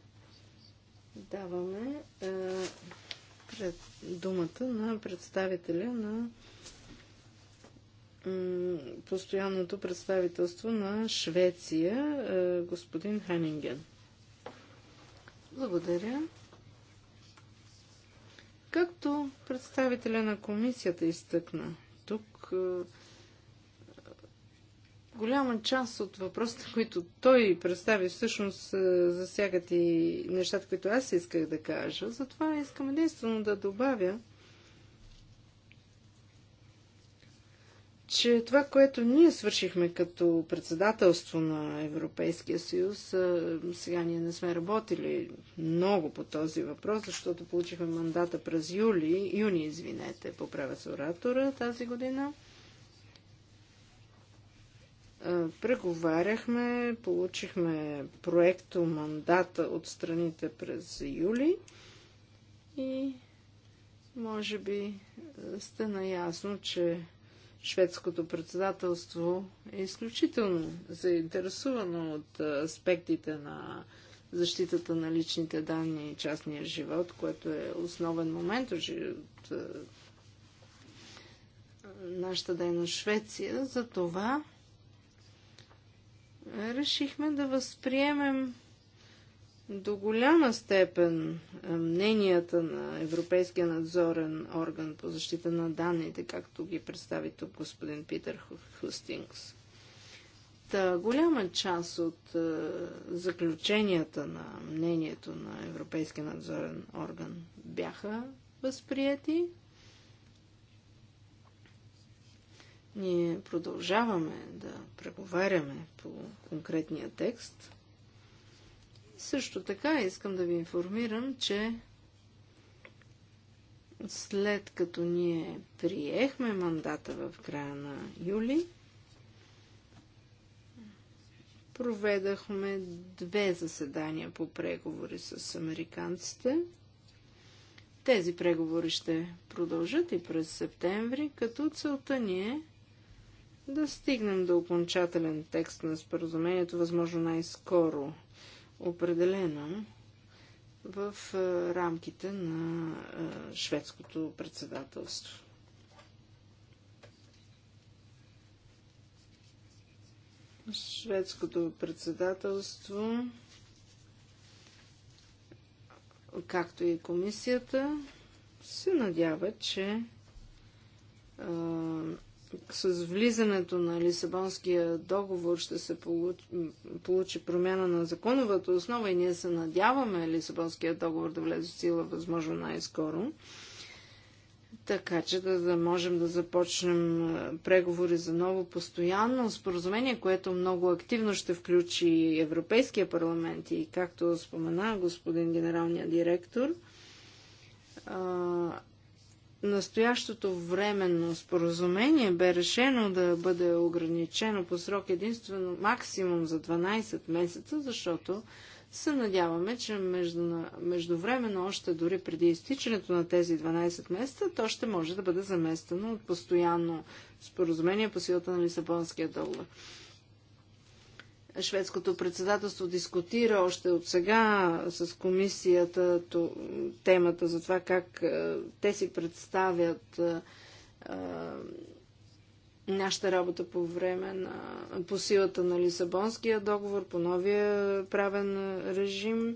даваме е, пред думата на представителя на постоянното представителство на Швеция, е, господин Ханинген. Благодаря. Както представителя на комисията изтъкна, тук е, голяма част от въпросите, които той представи, всъщност е, засягат и нещата, които аз исках да кажа. Затова искам единствено да добавя, че това, което ние свършихме като председателство на Европейския съюз, е, сега ние не сме работили много по този въпрос, защото получихме мандата през юли, юни, извинете, поправя се оратора тази година. Е, преговаряхме, получихме проекто мандата от страните през юли и може би е, сте наясно, че шведското председателство е изключително заинтересувано от е, аспектите на защитата на личните данни и частния живот, което е основен момент от нашата дейност Швеция. За това решихме да възприемем до голяма степен е, мненията на Европейския надзорен орган по защита на данните, както ги представи тук господин Питър Хустингс. Та голяма част от е, заключенията на мнението на Европейския надзорен орган бяха възприяти Ние продължаваме да преговаряме по конкретния текст. Също така искам да ви информирам, че след като ние приехме мандата в края на юли, проведахме две заседания по преговори с американците. Тези преговори ще продължат и през септември, като целта ни е да стигнем до окончателен текст на споразумението, възможно най-скоро определено в рамките на шведското председателство. Шведското председателство, както и комисията, се надява, че с влизането на Лисабонския договор ще се получи, получи промяна на законовата основа и ние се надяваме Лисабонския договор да влезе в сила възможно най-скоро, така че да, да можем да започнем е, преговори за ново постоянно споразумение, което много активно ще включи Европейския парламент и както спомена господин генералния директор – настоящото временно споразумение бе решено да бъде ограничено по срок единствено максимум за 12 месеца, защото се надяваме, че между, междувременно, още дори преди изтичането на тези 12 месеца, то ще може да бъде заместено от постоянно споразумение по силата на Лисабонския договор. Шведското председателство дискутира още от сега с комисията темата за това как е, те си представят е, е, нашата работа по време на, по силата на Лисабонския договор, по новия правен режим,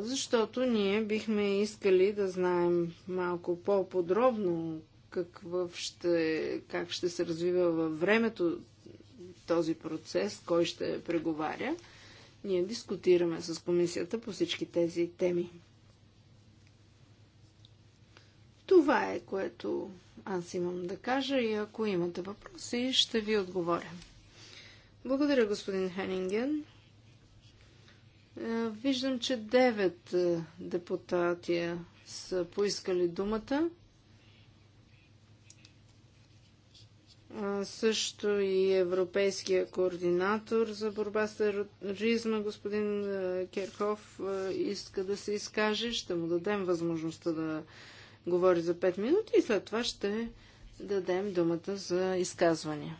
защото ние бихме искали да знаем малко по-подробно какъв ще, как ще се развива във времето този процес, кой ще преговаря. Ние дискутираме с комисията по всички тези теми. Това е, което аз имам да кажа и ако имате въпроси, ще ви отговоря. Благодаря, господин Хенинген. Е, виждам, че девет е, депутати е, са поискали думата. също и европейския координатор за борба с тероризма, господин Керхов, иска да се изкаже. Ще му дадем възможността да говори за 5 минути и след това ще дадем думата за изказвания.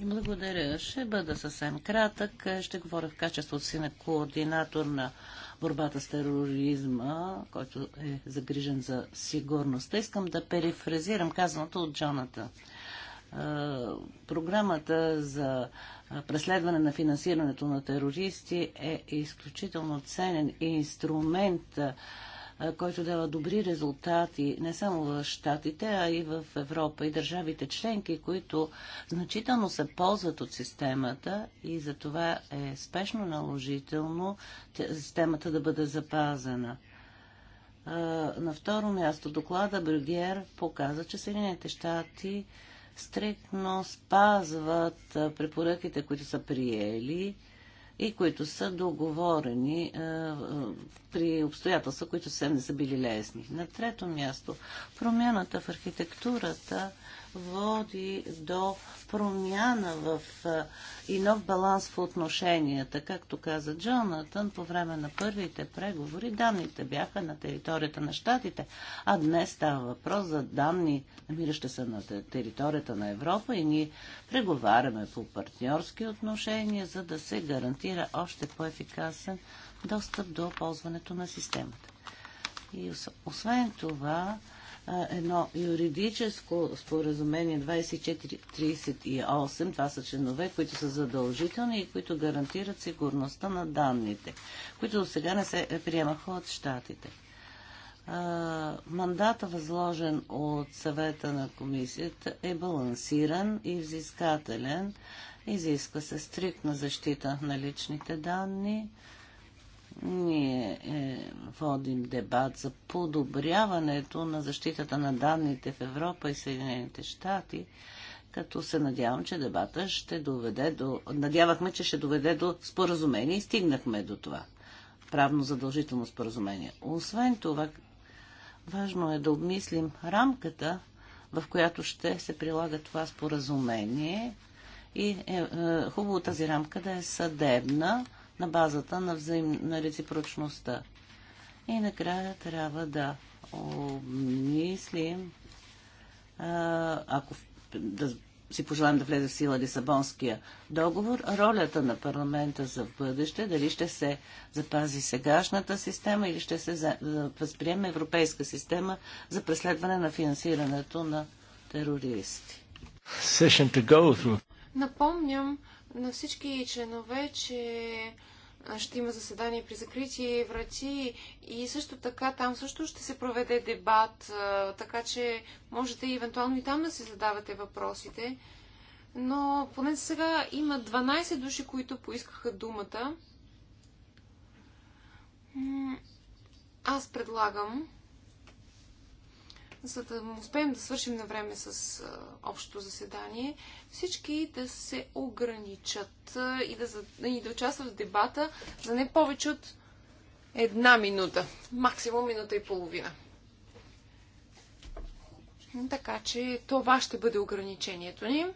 Благодаря. Ще бъда съвсем кратък. Ще говоря в качеството си на координатор на борбата с тероризма, който е загрижен за сигурността. Искам да перифразирам казаното от Джоната. Програмата за преследване на финансирането на терористи е изключително ценен инструмент, който дава добри резултати не само в Штатите, а и в Европа и държавите членки, които значително се ползват от системата и за това е спешно наложително системата да бъде запазена. На второ място доклада Брюгер показа, че Съединените щати стрикно спазват препоръките, които са приели и които са договорени е, при обстоятелства, които съвсем не са били лесни. На трето място, промяната в архитектурата води до промяна в и нов баланс в отношенията. Както каза Джонатан, по време на първите преговори данните бяха на територията на щатите, а днес става въпрос за данни, намиращи се на територията на Европа и ние преговаряме по партньорски отношения, за да се гарантира още по-ефикасен достъп до ползването на системата. И освен това, едно юридическо споразумение 2438. Това са членове, които са задължителни и които гарантират сигурността на данните, които до сега не се приемаха от щатите. Мандата, възложен от съвета на комисията, е балансиран и взискателен. Изисква се стриктна защита на личните данни, ние е, водим дебат за подобряването на защитата на данните в Европа и Съединените щати, като се надявам, че дебата ще доведе до... Надявахме, че ще доведе до споразумение и стигнахме до това. Правно задължително споразумение. Освен това, важно е да обмислим рамката, в която ще се прилага това споразумение. И е, е, хубаво тази рамка да е съдебна, на базата на, взаим... на реципрочността. И накрая трябва да обмислим, ако да си пожелаем да влезе в сила Лисабонския договор, ролята на парламента за бъдеще, дали ще се запази сегашната система или ще се възприеме европейска система за преследване на финансирането на терористи. Напомням, на всички членове, че ще има заседание при закрити врати и също така там също ще се проведе дебат, така че можете евентуално и там да се задавате въпросите. Но поне сега има 12 души, които поискаха думата. Аз предлагам за да успеем да свършим на време с общото заседание, всички да се ограничат и да, и да участват в дебата за не повече от една минута, максимум минута и половина. Така че това ще бъде ограничението ни.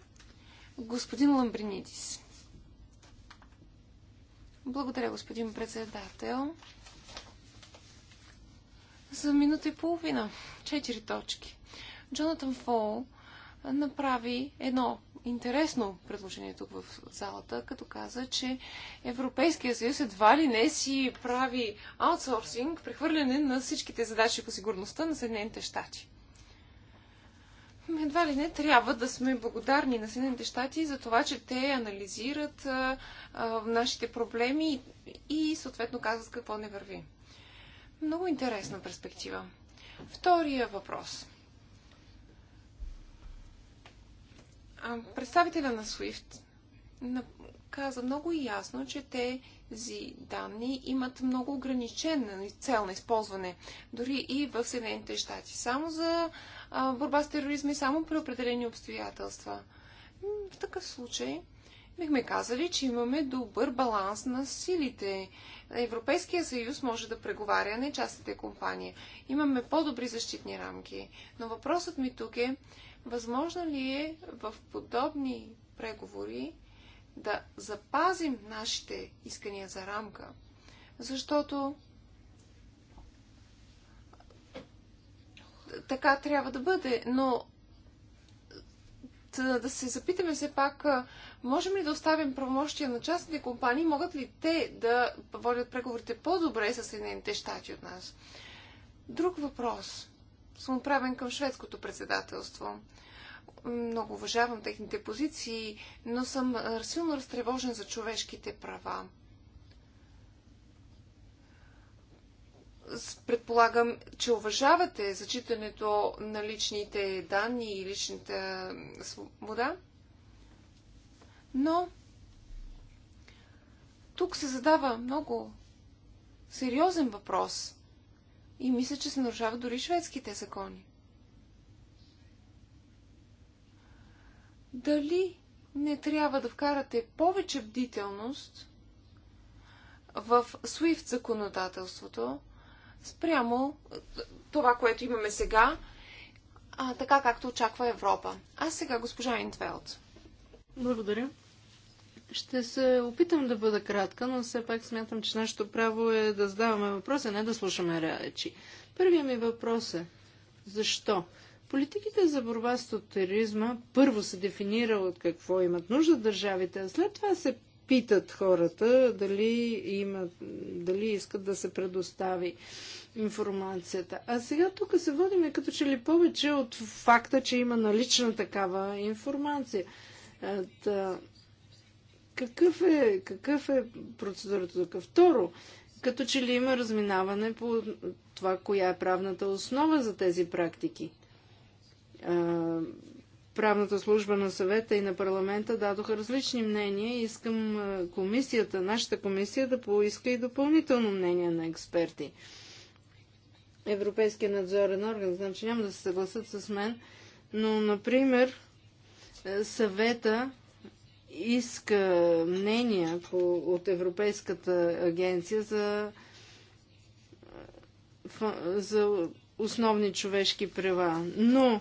Господин Ламбринидис. Благодаря, господин председател за минута и половина. Четири точки. Джонатан Фол направи едно интересно предложение тук в залата, като каза, че Европейския съюз едва ли не си прави аутсорсинг, прехвърляне на всичките задачи по сигурността на Съединените щати. Едва ли не трябва да сме благодарни на Съединените щати за това, че те анализират а, а, нашите проблеми и, и съответно казват какво не върви. Много интересна перспектива. Втория въпрос. Представителя на SWIFT каза много ясно, че тези данни имат много ограничен цел на използване, дори и в Съединените щати. Само за борба с тероризма и само при определени обстоятелства. В такъв случай бихме казали, че имаме добър баланс на силите. Европейския съюз може да преговаря, не частните компании. Имаме по-добри защитни рамки. Но въпросът ми тук е, възможно ли е в подобни преговори да запазим нашите искания за рамка? Защото така трябва да бъде, но е, да се запитаме все пак, е, можем ли да оставим правомощия на частните компании, могат ли те да водят преговорите по-добре с Съединените щати от нас? Друг въпрос, съм отправен към шведското председателство. Много уважавам техните позиции, но съм е, силно разтревожен за човешките права. предполагам, че уважавате зачитането на личните данни и личната свобода, но тук се задава много сериозен въпрос и мисля, че се нарушава дори шведските закони. Дали не трябва да вкарате повече бдителност в SWIFT законодателството, спрямо това, което имаме сега, а, така както очаква Европа. А сега госпожа Интвелт. Благодаря. Ще се опитам да бъда кратка, но все пак смятам, че нашето право е да задаваме въпроси, а не да слушаме речи. Първият ми въпрос е защо? Политиките за борба с тероризма първо се дефинира от какво имат нужда държавите, а след това се питат хората дали, има, дали искат да се предостави информацията. А сега тук се водиме като че ли повече от факта, че има налична такава информация. Е, та, какъв, е, какъв е процедурата тук? Второ, като че ли има разминаване по това, коя е правната основа за тези практики. Е, правната служба на съвета и на парламента дадоха различни мнения. Искам комисията, нашата комисия да поиска и допълнително мнение на експерти. Европейския надзорен орган, знам, че няма да се съгласат с мен, но, например, е, съвета иска мнения по, от Европейската агенция за, е, за основни човешки права. Но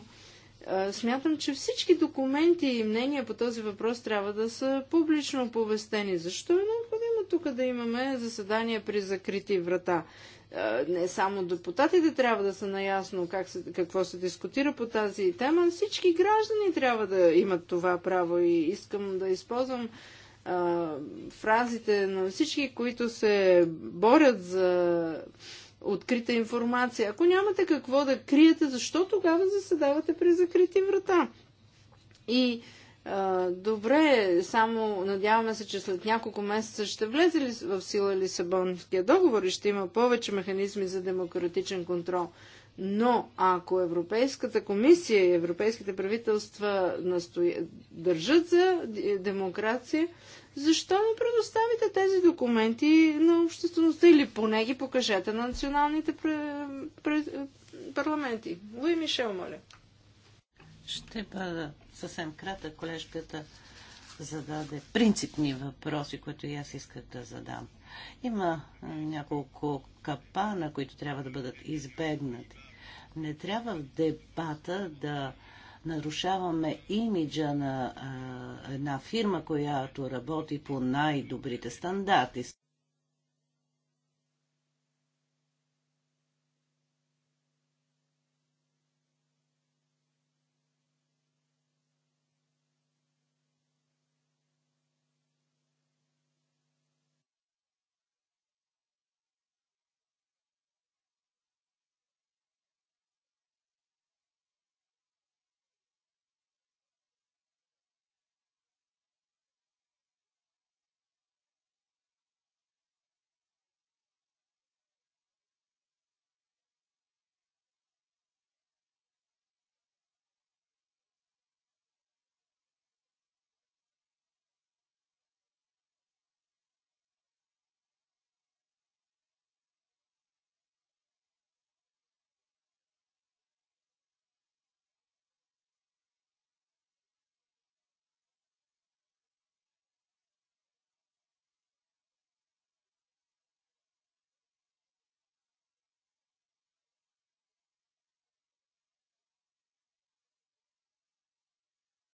Смятам, че всички документи и мнения по този въпрос трябва да са публично оповестени. Защо е необходимо тук да имаме заседания при закрити врата? Не само депутатите трябва да са наясно как се, какво се дискутира по тази тема, всички граждани трябва да имат това право и искам да използвам а, фразите на всички, които се борят за открита информация. Ако нямате какво да криете, защо тогава заседавате при закрити врата? И а, добре, само надяваме се, че след няколко месеца ще влезе ли в сила Лисабонския договор и ще има повече механизми за демократичен контрол. Но ако Европейската комисия и европейските правителства настоя... държат за демокрация, защо не предоставите тези документи на обществеността или поне ги покажете на националните пр... Пр... парламенти? Луи Мишел, моля. Ще бъда съвсем кратък. Колежката зададе принципни въпроси, които и аз исках да задам. Има няколко капана, които трябва да бъдат избегнати. Не трябва в дебата да нарушаваме имиджа на а, една фирма, която работи по най-добрите стандарти.